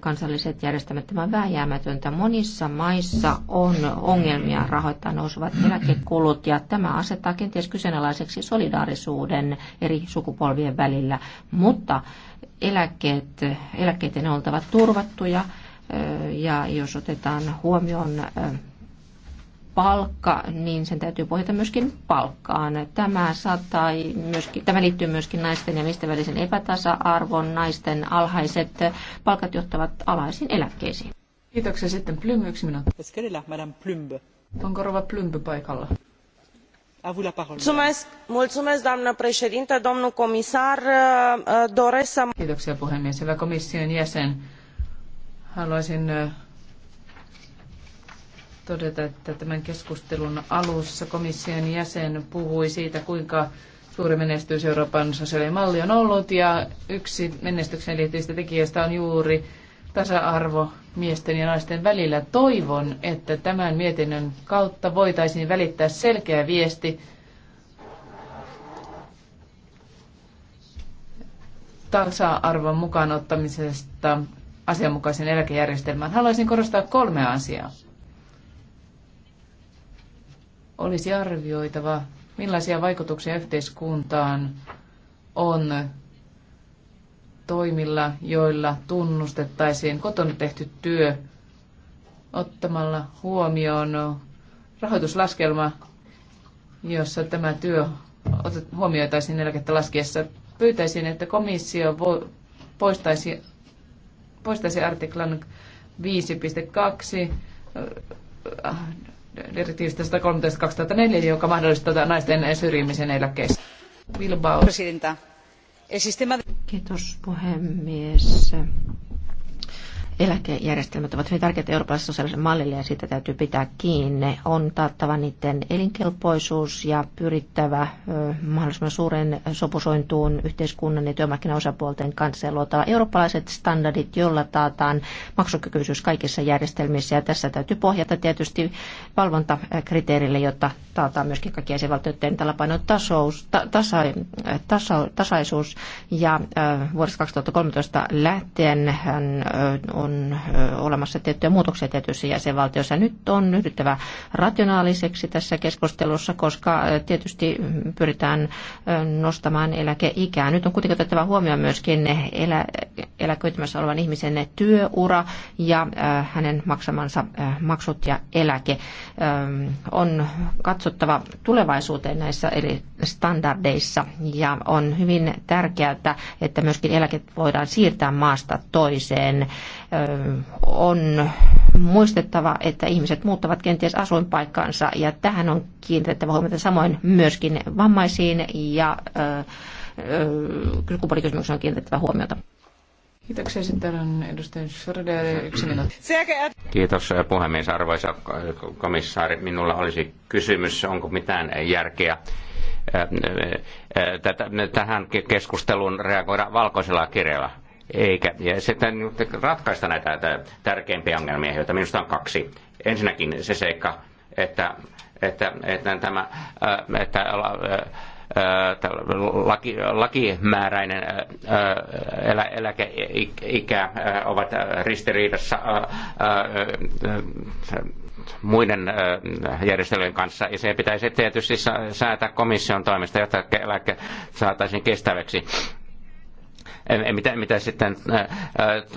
Kansalliset järjestelmät tämä vääjäämätöntä. Monissa maissa on ongelmia rahoittaa nousuvat eläkekulut ja tämä asettaa kenties kyseenalaiseksi solidaarisuuden eri sukupolvien välillä. Mutta eläkkeet, eläkkeiden on oltava turvattuja ja jos otetaan huomioon palkka, niin sen täytyy pohjata myöskin palkkaan. Tämä, saattaa myöskin, tämä liittyy myöskin naisten ja miesten välisen epätasa-arvon. Naisten alhaiset palkat johtavat alhaisiin eläkkeisiin. Kiitoksia sitten Plym yksi minuutti. Onko Rova Plymby paikalla? Uh, uh, Kiitoksia puhemies. Hyvä komission jäsen. Haluaisin uh, todeta, että tämän keskustelun alussa komission jäsen puhui siitä, kuinka suuri menestys Euroopan sosiaalimalli on ollut ja yksi menestyksen liittyvistä tekijöistä on juuri tasa-arvo miesten ja naisten välillä. Toivon, että tämän mietinnön kautta voitaisiin välittää selkeä viesti tasa-arvon mukaan ottamisesta asianmukaisen eläkejärjestelmään. Haluaisin korostaa kolmea asiaa. Olisi arvioitava, millaisia vaikutuksia yhteiskuntaan on toimilla, joilla tunnustettaisiin kotona tehty työ ottamalla huomioon rahoituslaskelma, jossa tämä työ huomioitaisiin eläkettä laskiessa. Pyytäisin, että komissio poistaisi, poistaisi artiklan 5.2 äh, direktiivistä 2004, joka mahdollistaa naisten syrjimisen eläkkeissä. Bilbao. Presidenta. El sistema... Kiitos puhemies. Eläkejärjestelmät ovat hyvin tärkeitä Euroopan sosiaaliselle mallille ja siitä täytyy pitää kiinni. On taattava niiden elinkelpoisuus ja pyrittävä mahdollisimman suuren sopusointuun yhteiskunnan ja työmarkkinaosapuolten kanssa ja luotava eurooppalaiset standardit, joilla taataan maksukykyisyys kaikissa järjestelmissä. Ja tässä täytyy pohjata tietysti valvontakriteerille, jotta taataan myöskin kaikkien jäsenvaltioiden tällainen tasaus, ta, tasa, tasa, tasaisuus. Ja vuodesta 2013 lähtien on on olemassa tiettyjä muutoksia tietyissä jäsenvaltioissa. Nyt on yhdyttävä rationaaliseksi tässä keskustelussa, koska tietysti pyritään nostamaan eläkeikää. Nyt on kuitenkin otettava huomioon myöskin elä, eläköitymässä olevan ihmisen työura ja hänen maksamansa maksut ja eläke. On katsottava tulevaisuuteen näissä eri standardeissa ja on hyvin tärkeää, että myöskin eläket voidaan siirtää maasta toiseen on muistettava, että ihmiset muuttavat kenties asuinpaikkaansa ja tähän on kiinnitettävä huomiota samoin myöskin vammaisiin ja sukupuolikysymyksiin on kiinnitettävä huomiota. Kiitoksia. Sitten on edustaja Schröder, yksi minuutti. Kiitos puhemies, arvoisa komissaari. Minulla olisi kysymys, onko mitään järkeä tähän keskusteluun reagoida valkoisella kirjalla? eikä ja sitten ratkaista näitä tärkeimpiä ongelmia, joita minusta on kaksi. Ensinnäkin se seikka, että, että, että, tämä, äh, äh, äh, että laki, lakimääräinen elä, eläkeikä ovat ristiriidassa muiden järjestelyjen kanssa, ja se pitäisi tietysti säätää komission toimesta, jotta eläke saataisiin kestäväksi mitä, mitä sitten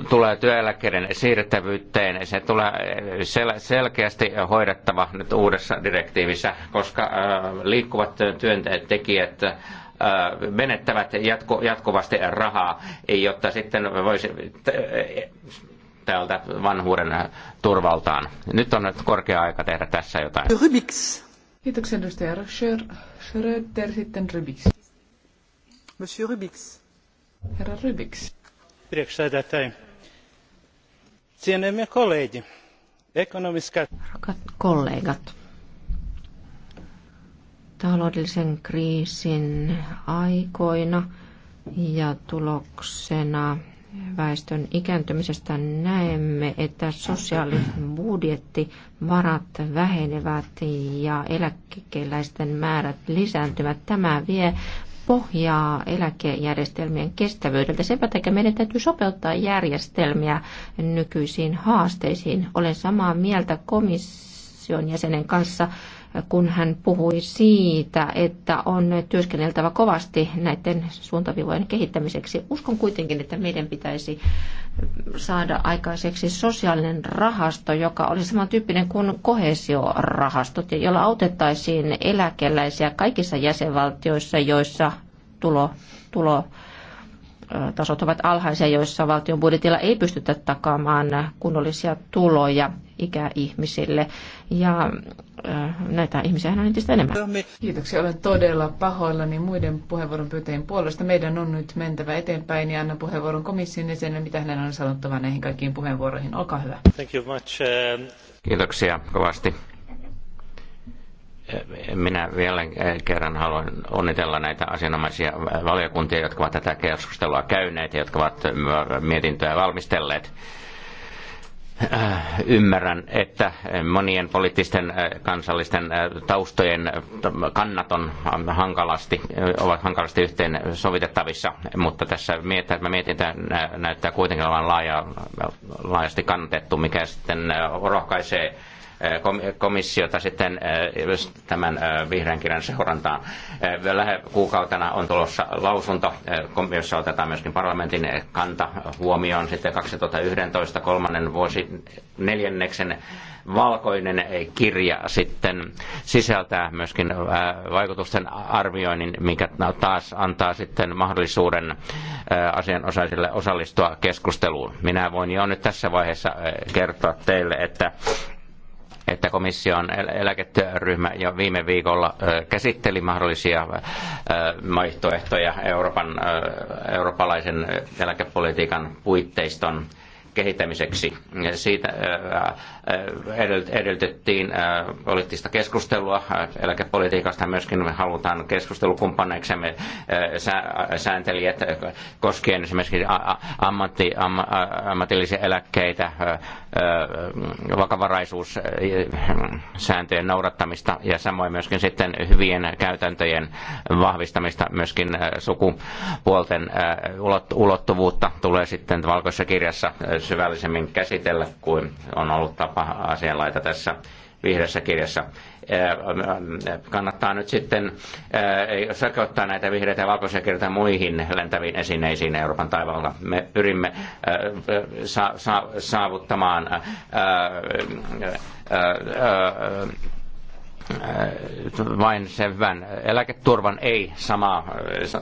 tulee työeläkkeiden siirrettävyyteen, se tulee sel- selkeästi hoidettava nyt uudessa direktiivissä, koska liikkuvat työntekijät menettävät jatku, jatkuvasti rahaa, jotta sitten voisi täältä vanhuuden turvaltaan. Nyt on nyt korkea aika tehdä tässä jotain. Rubiks. Kiitoksia edustaja Schröter, sitten Rubiks. Monsieur Rubiks. Herra Rybiks. Rakat kollegat. Taloudellisen kriisin aikoina ja tuloksena väestön ikääntymisestä näemme, että sosiaalibudjettivarat vähenevät ja eläkkeelläisten määrät lisääntyvät. Tämä vie pohjaa eläkejärjestelmien kestävyydeltä. Sen takia meidän täytyy sopeuttaa järjestelmiä nykyisiin haasteisiin. Olen samaa mieltä komission jäsenen kanssa kun hän puhui siitä, että on työskenneltävä kovasti näiden suuntavivojen kehittämiseksi. Uskon kuitenkin, että meidän pitäisi saada aikaiseksi sosiaalinen rahasto, joka olisi samantyyppinen kuin kohesiorahastot, jolla autettaisiin eläkeläisiä kaikissa jäsenvaltioissa, joissa tulo, tulo tasot ovat alhaisia, joissa valtion budjetilla ei pystytä takaamaan kunnollisia tuloja ikäihmisille. Ja näitä ihmisiä on entistä enemmän. Kiitoksia. Olen todella pahoillani muiden puheenvuoron pyytäjien puolesta. Meidän on nyt mentävä eteenpäin ja annan puheenvuoron komission jäsenelle, mitä hänen on sanottava näihin kaikkiin puheenvuoroihin. Olkaa hyvä. Thank you much. Uh, Kiitoksia kovasti. Minä vielä kerran haluan onnitella näitä asianomaisia valiokuntia, jotka ovat tätä keskustelua käyneet ja jotka ovat mietintöä valmistelleet Äh, ymmärrän, että monien poliittisten äh, kansallisten äh, taustojen kannat on hankalasti, ovat hankalasti yhteen sovitettavissa, mutta tässä mietintä, mietintä näyttää kuitenkin olevan laaja, laajasti kannatettu, mikä sitten rohkaisee Eh, komissiota sitten eh, tämän eh, vihreän kirjan seurantaan. Lähekuukautena on tulossa lausunto, jossa otetaan myöskin parlamentin kanta huomioon sitten 2011 kolmannen vuosi neljänneksen valkoinen kirja sitten sisältää myöskin vaikutusten arvioinnin, mikä taas antaa sitten mahdollisuuden asianosaisille osallistua keskusteluun. Minä voin jo nyt tässä vaiheessa kertoa teille, että että komission eläketyöryhmä jo viime viikolla käsitteli mahdollisia vaihtoehtoja Euroopan, eurooppalaisen eläkepolitiikan puitteiston kehittämiseksi. Siitä äh, äh, edellytettiin äh, poliittista keskustelua. Eläkepolitiikasta myöskin me halutaan keskustelukumppaneiksemme sääntelijät koskien esimerkiksi ammatti, am, ammatillisia eläkkeitä, vakavaraisuussääntöjen noudattamista ja samoin myöskin sitten hyvien käytäntöjen vahvistamista, myöskin sukupuolten ulottuvuutta tulee sitten valkoisessa kirjassa syvällisemmin käsitellä kuin on ollut tapa asianlaita tässä vihreässä kirjassa. Kannattaa nyt sitten sekoittaa näitä vihreitä ja valkoisia kirjoja muihin lentäviin esineisiin Euroopan taivaalla. Me pyrimme saavuttamaan Äh, vain sen hyvän eläketurvan, ei sama, äh,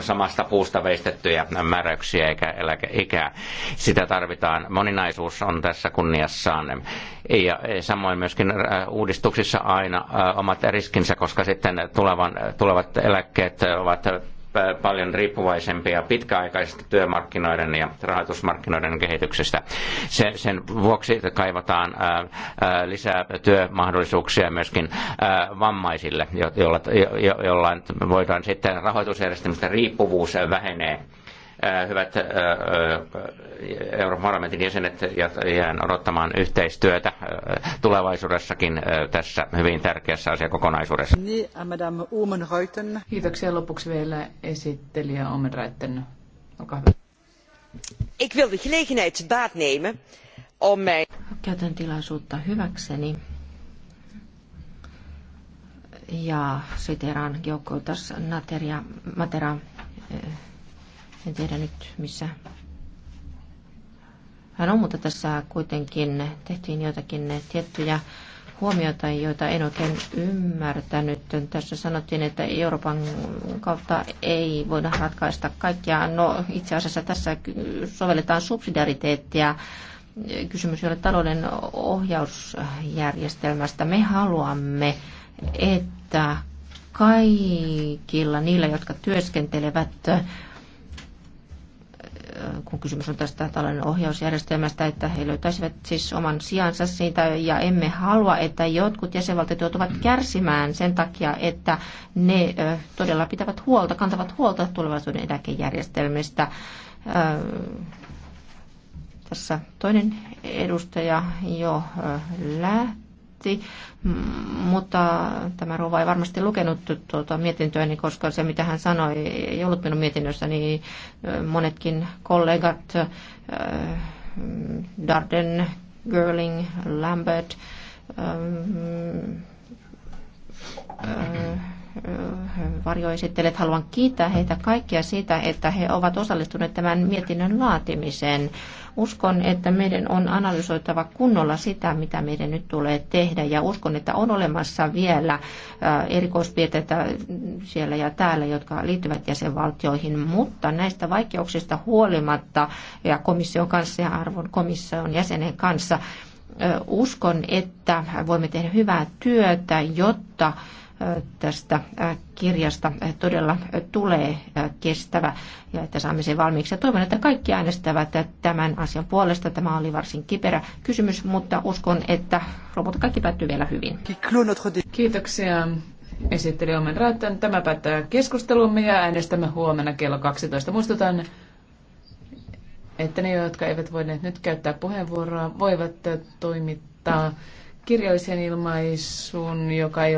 samasta puusta veistettyjä määräyksiä eikä eläkeikää. Sitä tarvitaan. Moninaisuus on tässä kunniassaan. Ja samoin myöskin äh, uudistuksissa aina omat riskinsä, koska sitten tulevan, tulevat eläkkeet ovat paljon riippuvaisempia pitkäaikaisista työmarkkinoiden ja rahoitusmarkkinoiden kehityksestä. Sen, sen vuoksi kaivataan lisää työmahdollisuuksia myöskin vammaisille, jolla, jollain voidaan sitten rahoitusjärjestelmistä riippuvuus vähenee Äh, hyvät äh, äh, Euroopan parlamentin jäsenet, jään odottamaan yhteistyötä tulevaisuudessakin tässä hyvin tärkeässä asiakokonaisuudessa. Niin, Kiitoksia lopuksi vielä esittelijä Omen Raitten. Olkaa hyvä. Ik wil de gelegenheid te baat nemen om mij... Käytän tilaisuutta hyväkseni ja siteraan Geokoitas Materia, Materia en tiedä nyt missä hän on, mutta tässä kuitenkin tehtiin jotakin tiettyjä huomioita, joita en oikein ymmärtänyt. Tässä sanottiin, että Euroopan kautta ei voida ratkaista kaikkia. No itse asiassa tässä sovelletaan subsidiariteettia. Kysymys ei ole talouden ohjausjärjestelmästä. Me haluamme, että kaikilla niillä, jotka työskentelevät kun kysymys on tästä talouden ohjausjärjestelmästä, että he löytäisivät siis oman sijansa siitä ja emme halua, että jotkut jäsenvaltiot joutuvat kärsimään sen takia, että ne todella pitävät huolta, kantavat huolta tulevaisuuden eläkejärjestelmistä tässä toinen edustaja jo lähti asti, mm, mutta tämä rouva ei varmasti lukenut tuota niin koska se mitä hän sanoi ei ollut minun mietinnössä, Niin monetkin kollegat, Darden, Girling, Lambert, varjoesittelijät. Haluan kiittää heitä kaikkia siitä, että he ovat osallistuneet tämän mietinnön laatimiseen. Uskon, että meidän on analysoitava kunnolla sitä, mitä meidän nyt tulee tehdä ja uskon, että on olemassa vielä erikoispiirteitä siellä ja täällä, jotka liittyvät jäsenvaltioihin, mutta näistä vaikeuksista huolimatta ja komission kanssa ja arvon komission jäsenen kanssa uskon, että voimme tehdä hyvää työtä, jotta tästä kirjasta todella tulee kestävä ja että saamme sen valmiiksi. Ja toivon, että kaikki äänestävät tämän asian puolesta. Tämä oli varsin kiperä kysymys, mutta uskon, että lopulta kaikki päättyy vielä hyvin. Kiitoksia esitteli Omen Raattan. Tämä päättää keskustelumme ja äänestämme huomenna kello 12. Muistutan, että ne, jotka eivät voineet nyt käyttää puheenvuoroa, voivat toimittaa kirjallisen ilmaisun, joka ei